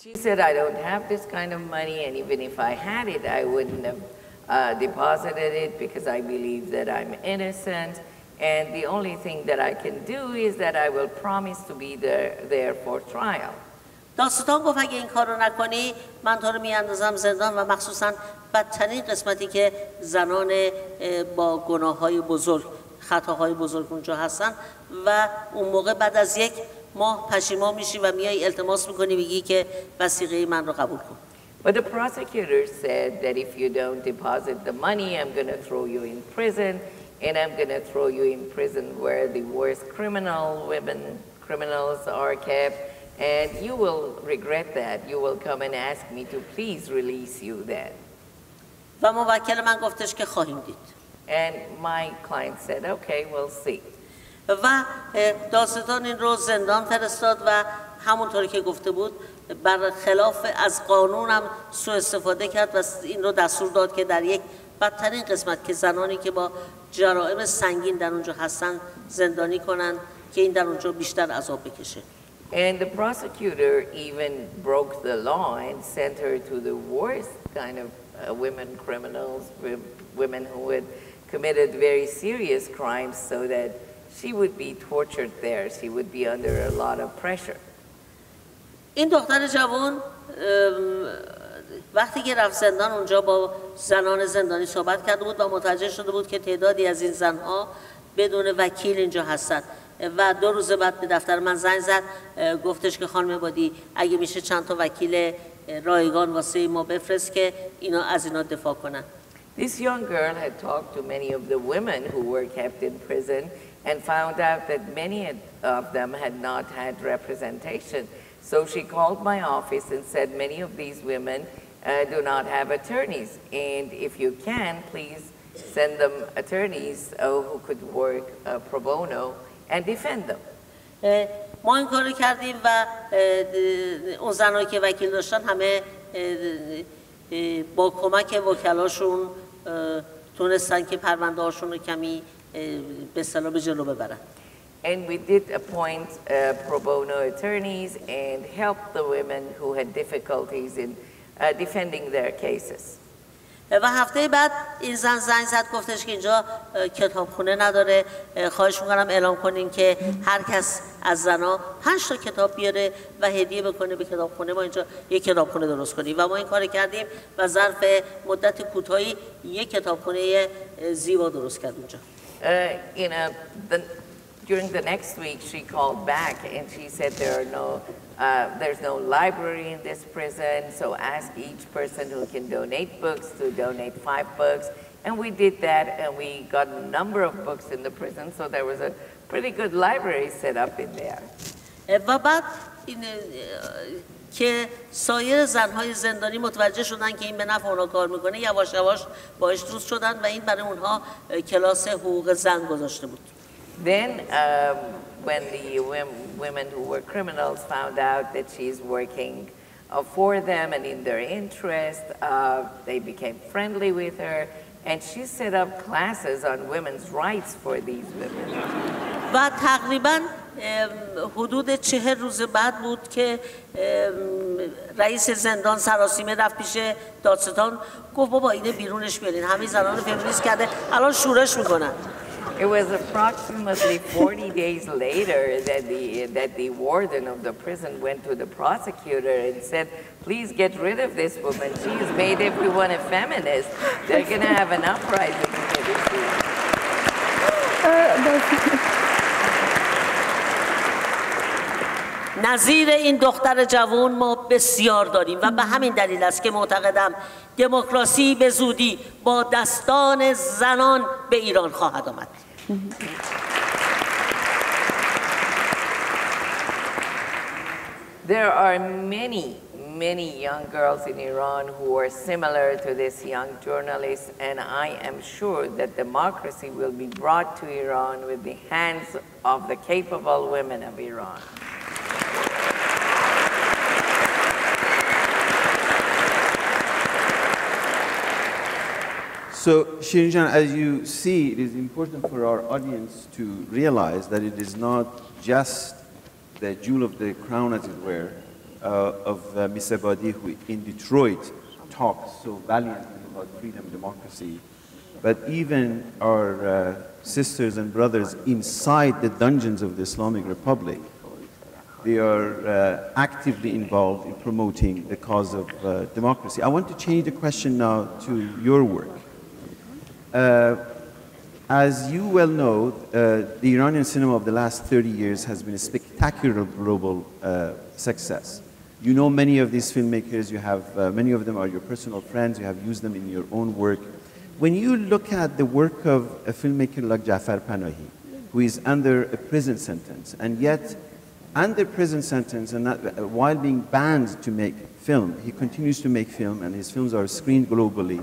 She said, I don't have this kind of money, and even if I had it, I wouldn't have uh, deposited it because I believe that I'm innocent. And the only thing that I can do is that I will promise to be there, there for trial. داستان گفت اگه این کار رو نکنی من تو رو میاندازم زندان و مخصوصا بدترین قسمتی که زنان با گناه های بزرگ خطاهای بزرگ اونجا هستن و اون موقع بعد از یک ما پشیمان میشی و میای التماس میکنی میگی که وسیقه من رو قبول کن But the prosecutor said that if you don't deposit the money, I'm going to throw you in prison, and I'm going to throw you in prison where the worst criminal women, criminals are kept, and you will regret that. You will come and ask me to please release you then. And my client said, okay, we'll see. و داستان این رو زندان فرستاد و همونطوری که گفته بود برخلاف از قانون هم سوء استفاده کرد و این رو دستور داد که در یک بدترین قسمت که زنانی که با جرائم سنگین در اونجا هستن زندانی کنند که این در اونجا بیشتر عذاب بکشه And the prosecutor even broke the law and sent her to the worst kind of uh, women criminals, women who had committed very serious crimes so that she would be tortured there. She would be under a lot of pressure. این دختر جوان وقتی که رفت زندان اونجا با زنان زندانی صحبت کرده بود و متوجه شده بود که تعدادی از این زنها بدون وکیل اینجا هستند و دو روز بعد به دفتر من زنگ زد گفتش که خانم بادی اگه میشه چند تا وکیل رایگان واسه ما بفرست که اینا از اینا دفاع کنن This young girl had talked to many of the women who were kept in prison and found out that many of them had not had representation. So she called my office and said, many of these women uh, do not have attorneys. And if you can, please send them attorneys uh, who could work uh, pro bono and defend them. Uh, ما این کار رو کردیم و uh, اون زنهایی که وکیل داشتن همه uh, با کمک وکلاشون تونستن که پرونده هاشون رو کمی به سلام به جلو ببرن And we did appoint uh, pro bono attorneys and help the women who had difficulties in uh, defending their cases. و هفته بعد این زن زنگ زد گفتش که اینجا کتابخونه نداره خواهش میکنم اعلام کنین که هر کس از زنا پنج تا کتاب بیاره و هدیه بکنه به کتابخونه ما اینجا یک کتابخونه درست کنیم و ما این کار کردیم و ظرف مدت کوتاهی یک کتابخونه زیبا درست کرد اونجا uh, in a, the, during the next week, she called back and she said there are no, uh, there's no library in this prison, so ask each person who can donate books to donate five books. And we did that, and we got a number of books in the prison, so there was a pretty good library set up in there. Uh, in, uh, uh, که سایر زنهای زندانی متوجه شدن که این به نفع اونا کار میکنه یواش یواش باعث روز شدن و این برای اونها کلاس حقوق زن گذاشته بود Then uh, when the women who were criminals found out that she's working uh, for them and in their interest, uh, they became friendly with her and she set up classes on women's rights for these women. و حدود چهر روز بعد بود که رئیس زندان سراسیمه رفت پیش دادستان گفت بابا اینه بیرونش بیارین همه زنان فمینیست کرده الان شورش میکنن It was approximately 40 days later that the, that the warden of the prison went to the prosecutor and said, please get rid of this woman. shes made everyone a feminist. They're going to have an uprising. نظیر این دختر جوان ما بسیار داریم و به همین دلیل است که معتقدم دموکراسی به زودی با دستان زنان به ایران خواهد آمد There are many, many young girls in Iran who are similar to this young journalist, and I am sure that democracy will be brought to Iran with the hands of the capable women of Iran. So, Shirinjan, as you see, it is important for our audience to realize that it is not just the jewel of the crown, as it were, uh, of uh, Ms. Abadi, who in Detroit talks so valiantly about freedom, democracy, but even our uh, sisters and brothers inside the dungeons of the Islamic Republic they are uh, actively involved in promoting the cause of uh, democracy. I want to change the question now to your work. Uh, as you well know, uh, the Iranian cinema of the last 30 years has been a spectacular global uh, success. You know many of these filmmakers, you have, many of them are your personal friends, you have used them in your own work. When you look at the work of a filmmaker like Jafar Panahi, who is under a prison sentence, and yet and the prison sentence, and that, uh, while being banned to make film, he continues to make film, and his films are screened globally.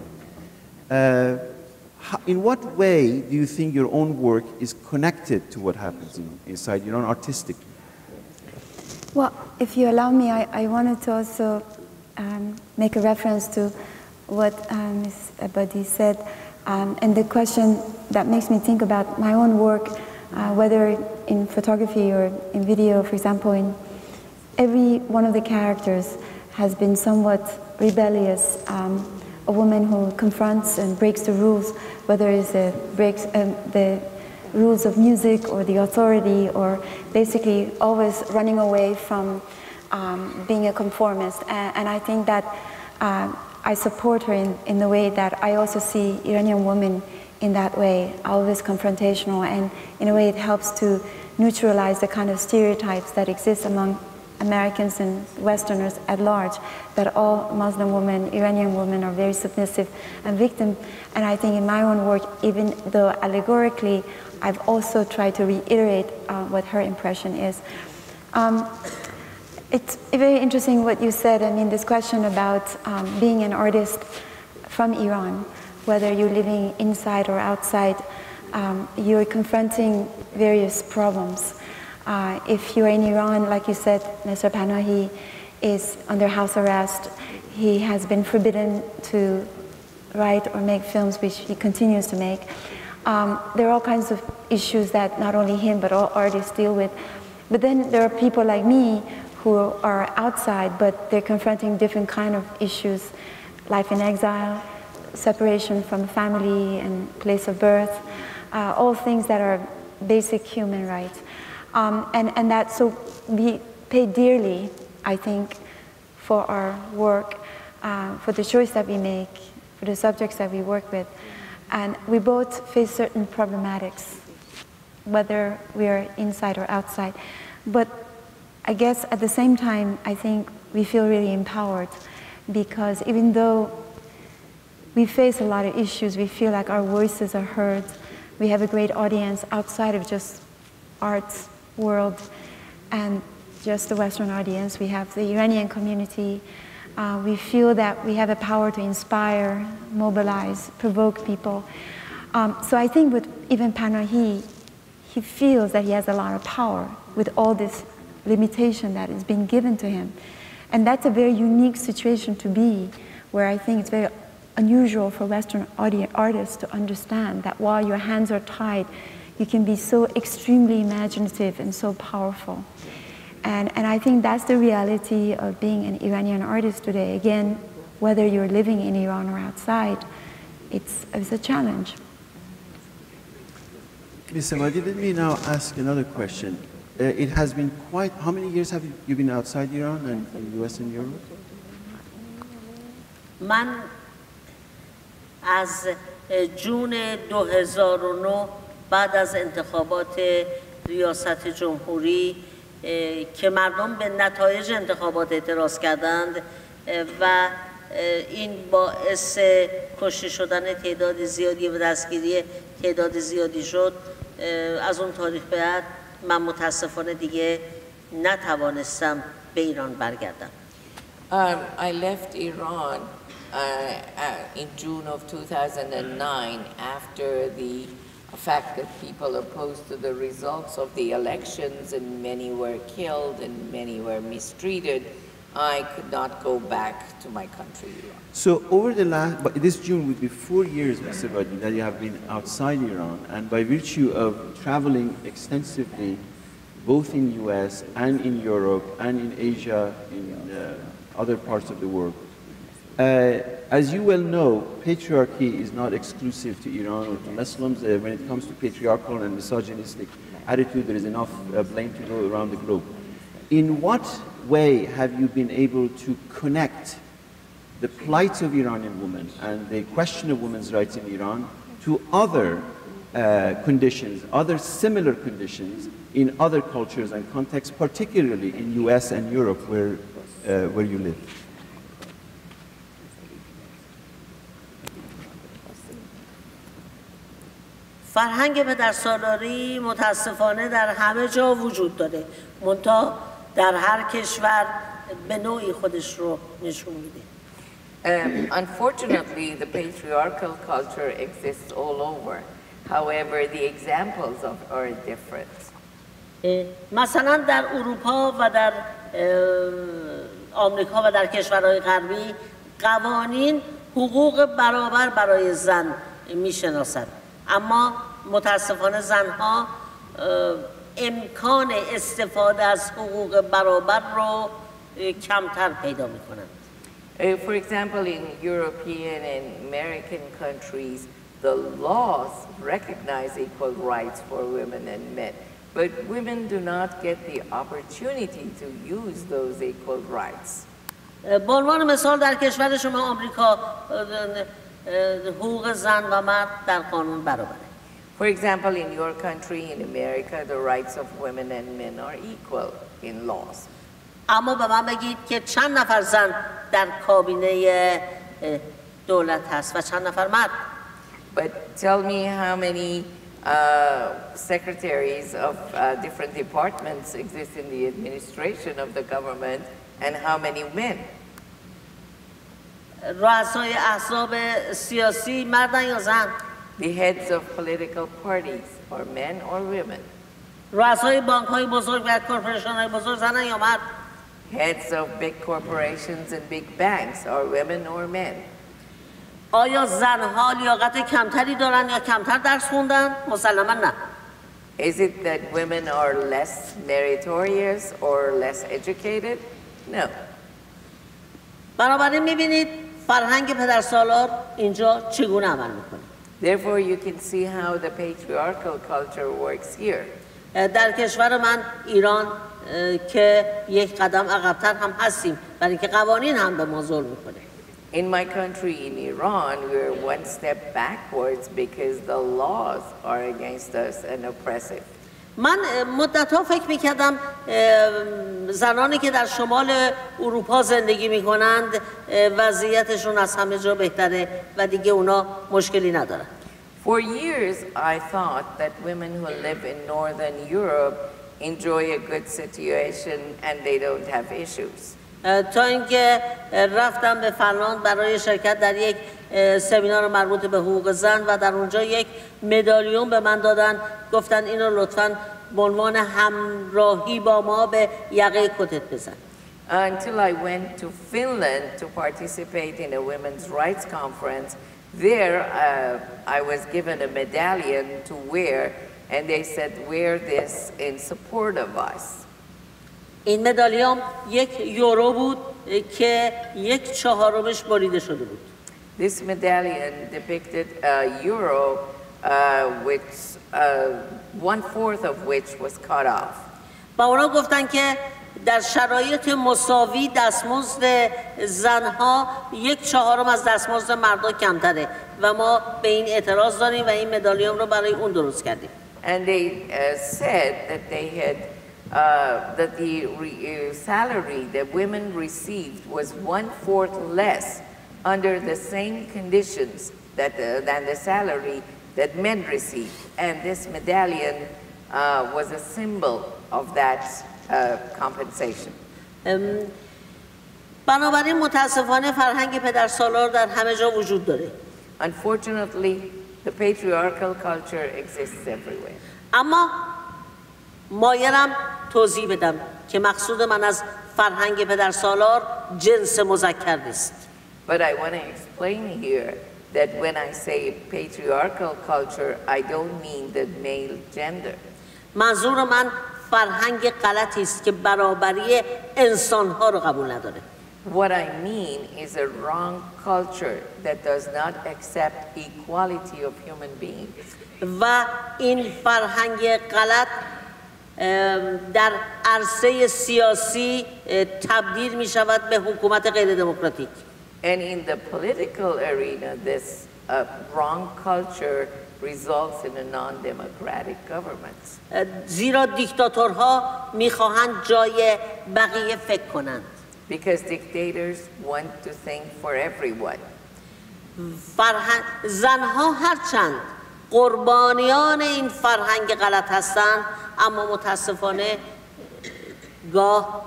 Uh, how, in what way do you think your own work is connected to what happens in, inside your own artistic? Well, if you allow me, I, I wanted to also um, make a reference to what um, uh, Ms. Abadi said um, and the question that makes me think about my own work uh, whether in photography or in video, for example, in every one of the characters has been somewhat rebellious, um, a woman who confronts and breaks the rules, whether it's breaks, um, the rules of music or the authority, or basically always running away from um, being a conformist. And, and I think that uh, I support her in, in the way that I also see Iranian women in that way, always confrontational, and in a way it helps to neutralize the kind of stereotypes that exist among Americans and Westerners at large, that all Muslim women, Iranian women are very submissive and victim. And I think in my own work, even though allegorically, I've also tried to reiterate uh, what her impression is. Um, it's very interesting what you said, I mean, this question about um, being an artist from Iran whether you're living inside or outside, um, you're confronting various problems. Uh, if you are in Iran, like you said, Mr. Panahi is under house arrest. He has been forbidden to write or make films, which he continues to make. Um, there are all kinds of issues that not only him, but all artists deal with. But then there are people like me who are outside, but they're confronting different kind of issues, life in exile, separation from family and place of birth, uh, all things that are basic human rights. Um, and, and that, so we pay dearly, I think, for our work, uh, for the choice that we make, for the subjects that we work with. And we both face certain problematics, whether we are inside or outside. But I guess at the same time, I think we feel really empowered because even though we face a lot of issues. We feel like our voices are heard. We have a great audience outside of just arts world and just the Western audience. We have the Iranian community. Uh, we feel that we have a power to inspire, mobilize, provoke people. Um, so I think with even Panahi, he feels that he has a lot of power with all this limitation that is being given to him. And that's a very unique situation to be, where I think it's very unusual for Western artists to understand that while your hands are tied, you can be so extremely imaginative and so powerful. And, and I think that's the reality of being an Iranian artist today. Again, whether you're living in Iran or outside, it's, it's a challenge. Ms. Samadi, let me now ask another question. Uh, it has been quite, how many years have you been outside Iran and in the US and Europe? من از جون 2009 بعد از انتخابات ریاست جمهوری که مردم به نتایج انتخابات اعتراض کردند و این باعث کشته شدن تعداد زیادی و دستگیری تعداد زیادی شد از اون تاریخ بعد من متاسفانه دیگه نتوانستم به ایران برگردم um, I left Iran Uh, uh, in June of 2009 after the fact that people opposed to the results of the elections and many were killed and many were mistreated, I could not go back to my country. So over the last, but this June would be four years, Mr. Badi, that you have been outside Iran, and by virtue of traveling extensively, both in U.S. and in Europe and in Asia, in uh, other parts of the world, uh, as you well know, patriarchy is not exclusive to Iran or to Muslims. Uh, when it comes to patriarchal and misogynistic attitude, there is enough uh, blame to go around the globe. In what way have you been able to connect the plight of Iranian women and the question of women's rights in Iran to other uh, conditions, other similar conditions in other cultures and contexts, particularly in US and Europe where, uh, where you live? فرهنگ سالاری متاسفانه در همه جا وجود داره منتها در هر کشور به نوعی خودش رو نشون میده um, unfortunately, the patriarchal culture exists all over. However, the examples of are different. مثلا در اروپا و در آمریکا و در کشورهای غربی قوانین حقوق برابر برای زن میشناسند اما متاسفانه زنها امکان استفاده از حقوق برابر رو کمتر پیدا میکنند For example, in European and American countries, the laws recognize equal rights for women and men, but women do not get the opportunity to use those equal rights. به عنوان مثال در کشور شما آمریکا حقوق زن و مرد در قانون برابره. For example, in your country, in America, the rights of women and men are equal in laws. اما به من بگید که چند نفر زن در کابینه دولت هست و چند نفر مرد But tell me how many uh, secretaries of uh, different departments exist in the administration of the government and how many men. رؤسای احزاب سیاسی مردن یا زن؟ the heads of political parties, or men or women. Heads of big corporations and big banks, or women or men. آیا زنها لیاقت کمتری دارن یا کمتر درس خوندن؟ مسلما نه. Is it that women are less meritorious or less educated? No. بنابراین میبینید فرهنگ پدرسالار اینجا چگونه عمل میکنه. Therefore, you can see how the patriarchal culture works here. Uh, در کشور من ایران uh, که یک قدم عقبتر هم هستیم برای قوانین هم به ما ظلم میکنه In my country in Iran we're one step backwards because the laws are against us and oppressive من مدت ها فکر میکردم زنانی که در شمال اروپا زندگی میکنند وضعیتشون از همه جا بهتره و دیگه اونا مشکلی ندارن For years I thought that women who live in northern Europe enjoy a good situation and they don't have issues. تا اینکه رفتم به فنلاند برای شرکت در یک سمینار مربوط به حقوق زن و در اونجا یک مدالیون به من دادن گفتن اینو لطفا به عنوان همراهی با ما به یقه کتت بزن Until I went to Finland to participate in a women's rights conference, there uh, I was given a medallion to wear, and they said, wear this in support of us. این مدالیام یک یورو بود که یک چهارمش بریده شده بود. This medallion depicted a euro, uh, which uh, one fourth of which was cut off. با اونا گفتن که در شرایط مساوی دستمزد زنها یک چهارم از دستمزد مردا کمتره و ما به این اعتراض داریم و این رو برای اون درست کردیم. And they uh, said that they had Uh, that the re, salary that women received was one fourth less under the same conditions that the, uh, than the salary that men receive. And this medallion uh, was a symbol of that uh, compensation. Um, بنابراین متاسفانه فرهنگ در همه جا وجود داره. Unfortunately, the patriarchal culture exists everywhere. اما مایرم توضیح بدم که مقصود من از فرهنگ پدرسالار جنس مذکر نیست. But I want to explain here that when I say patriarchal culture, I don't mean the male gender. منظور من فرهنگ غلطی است که برابری انسانها رو قبول نداره. What I mean is a wrong culture that does not accept equality of human beings. و این فرهنگ غلط در عرصه سیاسی تبدیل می شود به حکومت غیر دموکراتیک. And in the political arena, this uh, wrong culture results in a non-democratic government. Uh, because dictators want to think for everyone. فرهنگ زنها هرچند قربانیان این فرهنگ غلط هستند اما متاسفانه گاه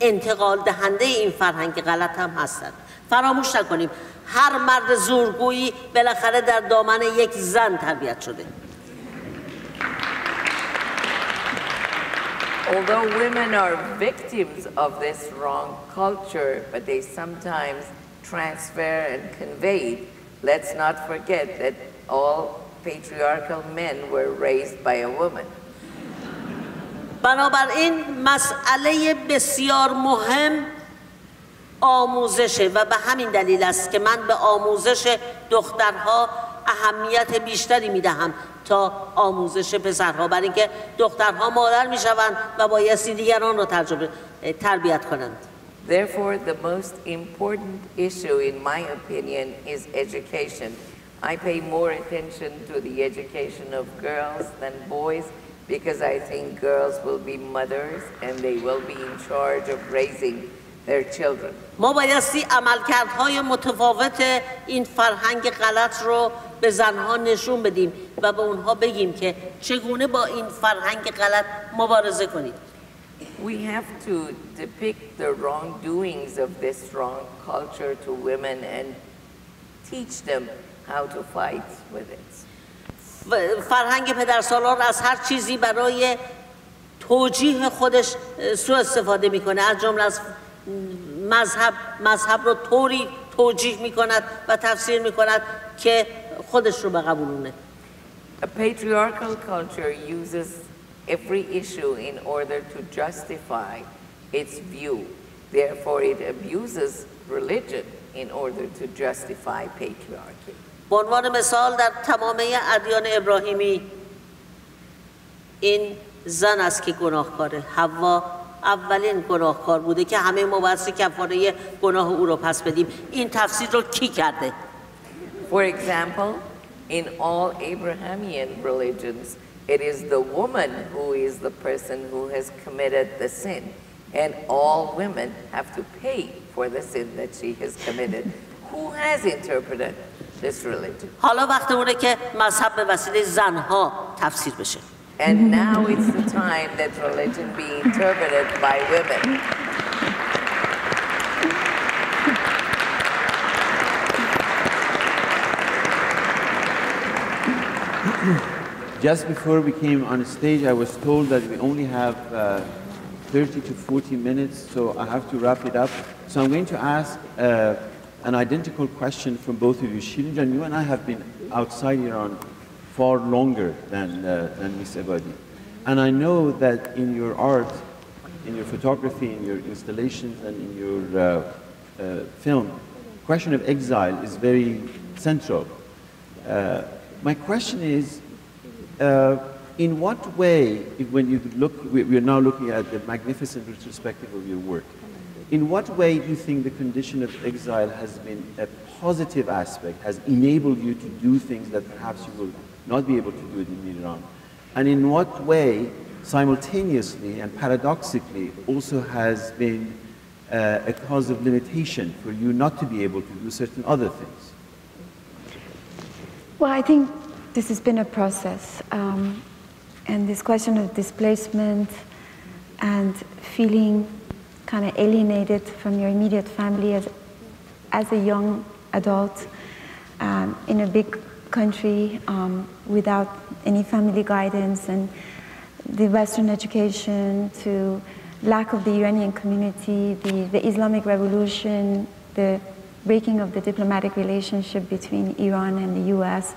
انتقال دهنده این فرهنگ غلط هم هستند فراموش نکنیم هر مرد زورگویی بالاخره در دامن یک زن تربیت شده Although women are victims of this wrong culture, but they sometimes transfer and convey, let's not forget that all patriarchal men were raised by a woman. بنابراین مسئله بسیار مهم آموزشه و به همین دلیل است که من به آموزش دخترها اهمیت بیشتری میدهم تا آموزش پسرها برای اینکه دخترها مادر میشوند و بایستی دیگران را تجربه تربیت کنند Therefore, the most important issue, in my opinion, is education. I pay more attention to the education of girls than boys because I think girls will be mothers and they will be in charge of raising their children. ما بایستی عملکردهای متفاوت این فرهنگ غلط رو به زنها نشون بدیم و به اونها بگیم که چگونه با این فرهنگ غلط مبارزه کنید. We have to depict the wrongdoings of this wrong culture to women and teach them how to fight with it. فرهنگ پدرسالار از هر چیزی برای توجیه خودش سوء استفاده میکنه از جمله از مذهب مذهب رو طوری توجیه می کند و تفسیر می کند که خودش رو بقبولونه A patriarchal culture uses every issue in order to justify its view. Therefore it abuses religion in order to justify patriarchy. به عنوان مثال در تمامی ادیان ابراهیمی این زن است که گناهکاره حوا اولین گناهکار بوده که همه ما باید کفاره گناه او رو پس بدیم این تفسیر رو کی کرده For example, in all Abrahamian religions, it is the woman who is the person who has committed the sin. And all women have to pay for the sin that she has committed. Who has interpreted this religion? حالا وقت اونه که مذهب وسیله زنها تفسیر بشه. And now it's the time that religion be interpreted by women. Just before we came on stage, I was told that we only have uh, 30 to 40 minutes, so I have to wrap it up. So I'm going to ask uh, an identical question from both of you. and you and I have been outside Iran far longer than, uh, than Miss Ebadi. And I know that in your art, in your photography, in your installations, and in your uh, uh, film, question of exile is very central. Uh, my question is, uh, in what way, when you look, we're now looking at the magnificent retrospective of your work, in what way do you think the condition of exile has been a positive aspect, has enabled you to do things that perhaps you will not be able to do it in Iran? And in what way, simultaneously and paradoxically, also has been uh, a cause of limitation for you not to be able to do certain other things? Well, I think this has been a process. Um, and this question of displacement and feeling kind of alienated from your immediate family as, as a young adult um, in a big country um, without any family guidance and the Western education to lack of the Iranian community, the, the Islamic Revolution, the breaking of the diplomatic relationship between Iran and the US,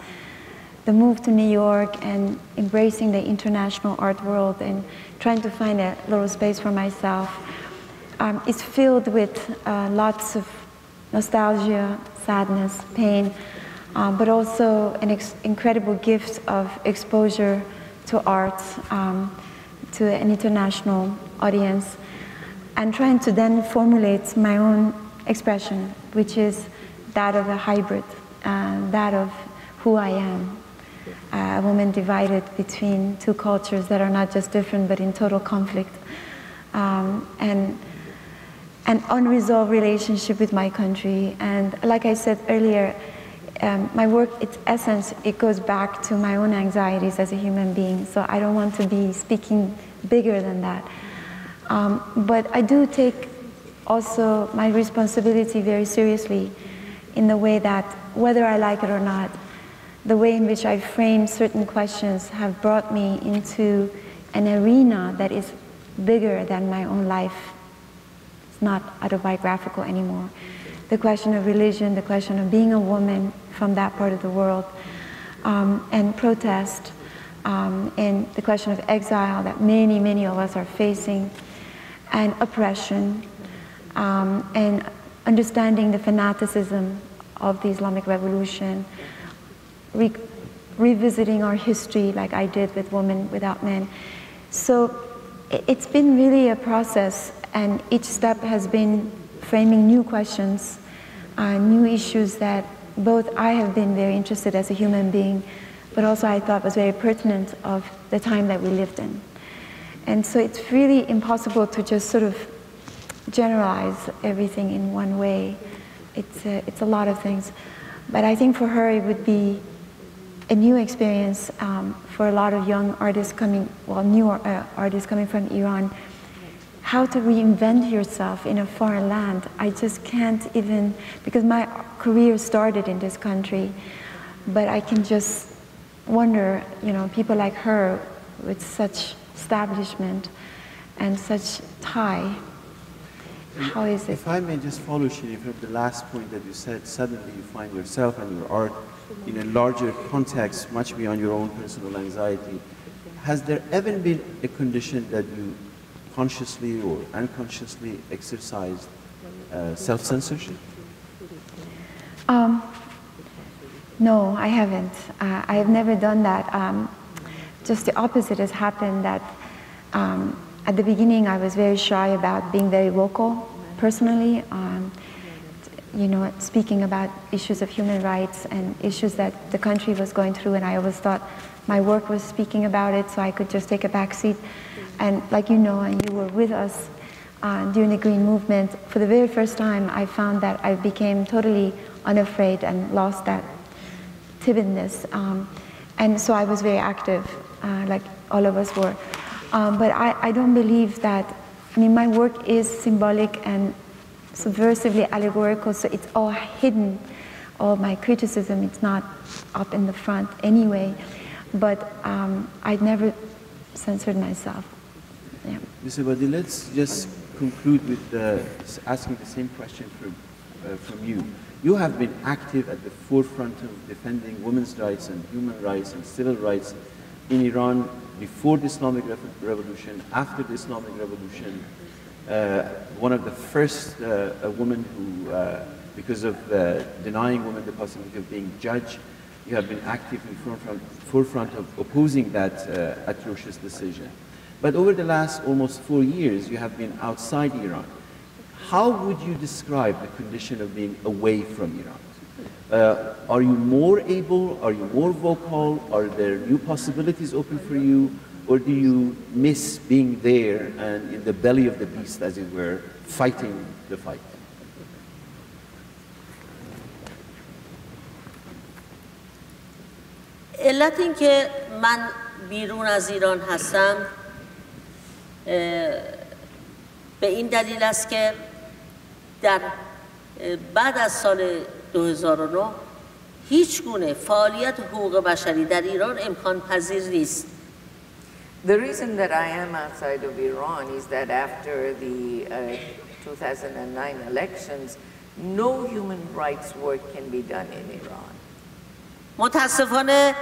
the move to New York and embracing the international art world and trying to find a little space for myself. Um, it's filled with uh, lots of nostalgia, sadness, pain, um, but also an incredible gift of exposure to art um, to an international audience, and trying to then formulate my own expression, which is that of a hybrid, uh, that of who I am, uh, a woman divided between two cultures that are not just different but in total conflict, um, and an unresolved relationship with my country. And like I said earlier, um, my work, its essence, it goes back to my own anxieties as a human being. So I don't want to be speaking bigger than that. Um, but I do take also my responsibility very seriously in the way that, whether I like it or not, the way in which I frame certain questions have brought me into an arena that is bigger than my own life. It's not autobiographical anymore the question of religion, the question of being a woman from that part of the world, um, and protest, um, and the question of exile that many, many of us are facing, and oppression, um, and understanding the fanaticism of the Islamic Revolution, re revisiting our history like I did with Women Without Men. So it's been really a process, and each step has been framing new questions, uh, new issues that both I have been very interested as a human being, but also I thought was very pertinent of the time that we lived in. And so it's really impossible to just sort of generalize everything in one way. It's a, it's a lot of things. But I think for her it would be a new experience um, for a lot of young artists coming, well, new uh, artists coming from Iran how to reinvent yourself in a foreign land. I just can't even, because my career started in this country, but I can just wonder, you know, people like her with such establishment and such tie. How is it? If I may just follow, from the last point that you said, suddenly you find yourself and your art in a larger context, much beyond your own personal anxiety. Has there ever been a condition that you consciously or unconsciously exercised uh, self-censorship? Um, no, I haven't. Uh, I have never done that. Um, just the opposite has happened that um, at the beginning I was very shy about being very vocal personally, um, you know, speaking about issues of human rights and issues that the country was going through and I always thought my work was speaking about it so I could just take a back seat. And like you know, and you were with us uh, during the Green Movement, for the very first time, I found that I became totally unafraid and lost that timidness. Um, and so I was very active, uh, like all of us were. Um, but I, I don't believe that, I mean, my work is symbolic and subversively allegorical, so it's all hidden. All my criticism, it's not up in the front anyway. But um, I never censored myself. Yeah. Ms. let's just conclude with uh, asking the same question from, uh, from you. You have been active at the forefront of defending women's rights and human rights and civil rights in Iran before the Islamic Revolution, after the Islamic Revolution. Uh, one of the first uh, a woman who, uh, because of uh, denying women the possibility of being judged, you have been active in forefront, forefront of opposing that uh, atrocious decision. But over the last almost four years, you have been outside Iran. How would you describe the condition of being away from Iran? Uh, are you more able? Are you more vocal? Are there new possibilities open for you? Or do you miss being there and in the belly of the beast, as it were, fighting the fight? علت این که من بیرون از ایران هستم به این دلیل است که در بعد از سال 2009 هیچ گونه فعالیت حقوق بشری در ایران امکان پذیر نیست The reason that I am outside of Iran is that after the uh, 2009 elections, no human rights work can be done in Iran. متاسفانه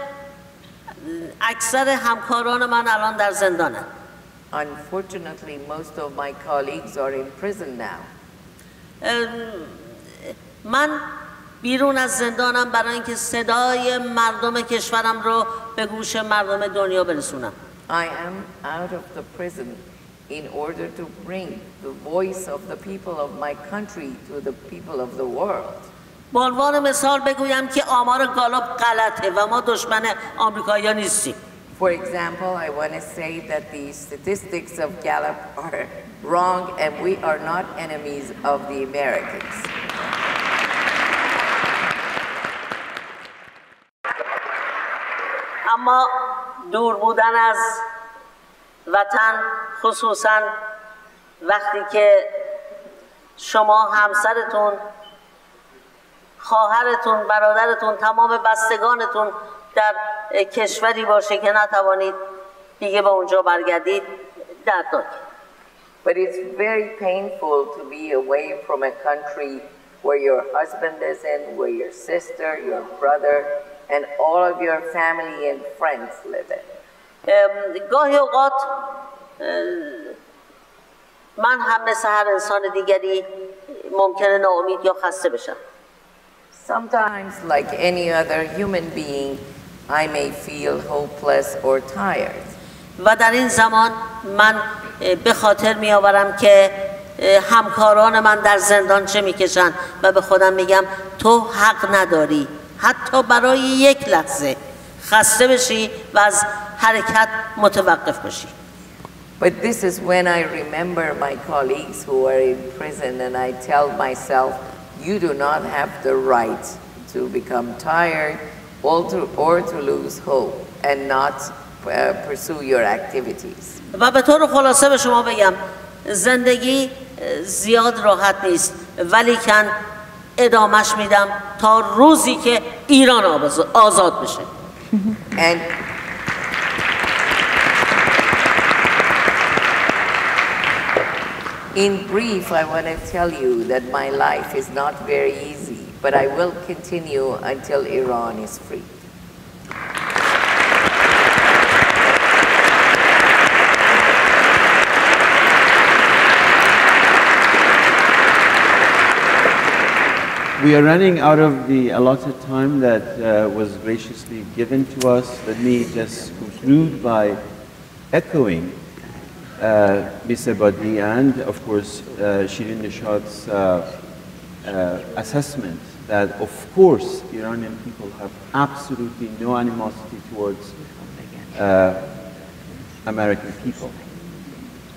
اکثر همکاران من الان در زندانند. Unfortunately, most of my colleagues are in prison now. Um, من بیرون از زندانم برای اینکه صدای مردم کشورم رو به گوش مردم دنیا برسونم. I am out of the prison in order to bring the voice of the people of my country to the people of the world. به عنوان مثال بگویم که آمار گالوب غلطه و ما دشمن آمریکایی‌ها نیستیم. For example, I want to say that the statistics of Gallup are wrong and we are not enemies of the Americans. اما دور بودن از وطن خصوصا وقتی که شما همسرتون خواهرتون برادرتون تمام بستگانتون در کشوری باشه که نتوانید دیگه به اونجا برگردید دردناک But it's very painful to be away from a country where your husband is in, where your sister, your brother, and all of your family and friends live in. گاهی اوقات من هم مثل هر انسان دیگری ممکنه ناامید یا خسته بشم. Sometimes like any other human being I may feel hopeless or tired. و در این زمان من به خاطر می آورم که همکاران من در زندان چه و به خودم میگم تو حق نداری حتی برای یک لحظه خسته بشی و از حرکت متوقف بشی But this is when I remember my colleagues who are in prison and I tell myself you do not have the right to become tired or to, or to lose hope and not uh, pursue your activities. زندگی زیاد راحت نیست ولی کن ادامش میدم تا روزی که ایران آزاد بشه. and In brief, I want to tell you that my life is not very easy but I will continue until Iran is free. We are running out of the allotted time that uh, was graciously given to us. Let me just conclude by echoing uh, Ms. Abadi and, of course, uh, Shirin Nishad's uh, uh assessment that, of course, Iranian people have absolutely no animosity towards uh, American people.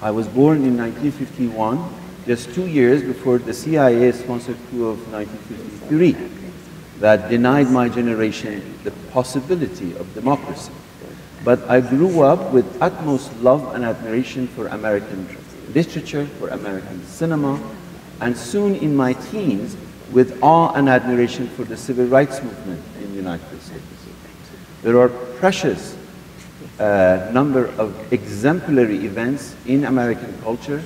I was born in 1951, just two years before the CIA-sponsored coup of 1953 that denied my generation the possibility of democracy. But I grew up with utmost love and admiration for American literature, for American cinema, and soon in my teens, with awe and admiration for the civil rights movement in the United States. There are precious uh, number of exemplary events in American culture,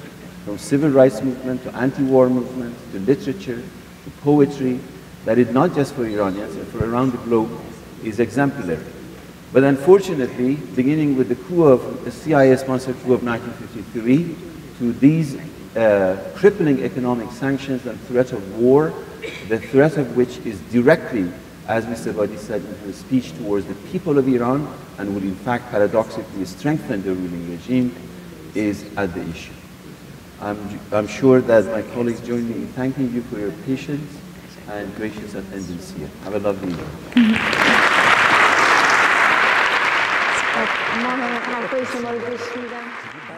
from civil rights movement to anti-war movement, to literature, to poetry, that is not just for Iranians, but for around the globe is exemplary. But unfortunately, beginning with the coup of the CIA-sponsored coup of 1953, to these uh, crippling economic sanctions and threat of war, the threat of which is directly, as Mr. Badi said in his speech, towards the people of Iran and would in fact paradoxically strengthen the ruling regime, is at the issue. I'm, I'm sure that my colleagues join me in thanking you for your patience and gracious attendance here. Have a lovely evening.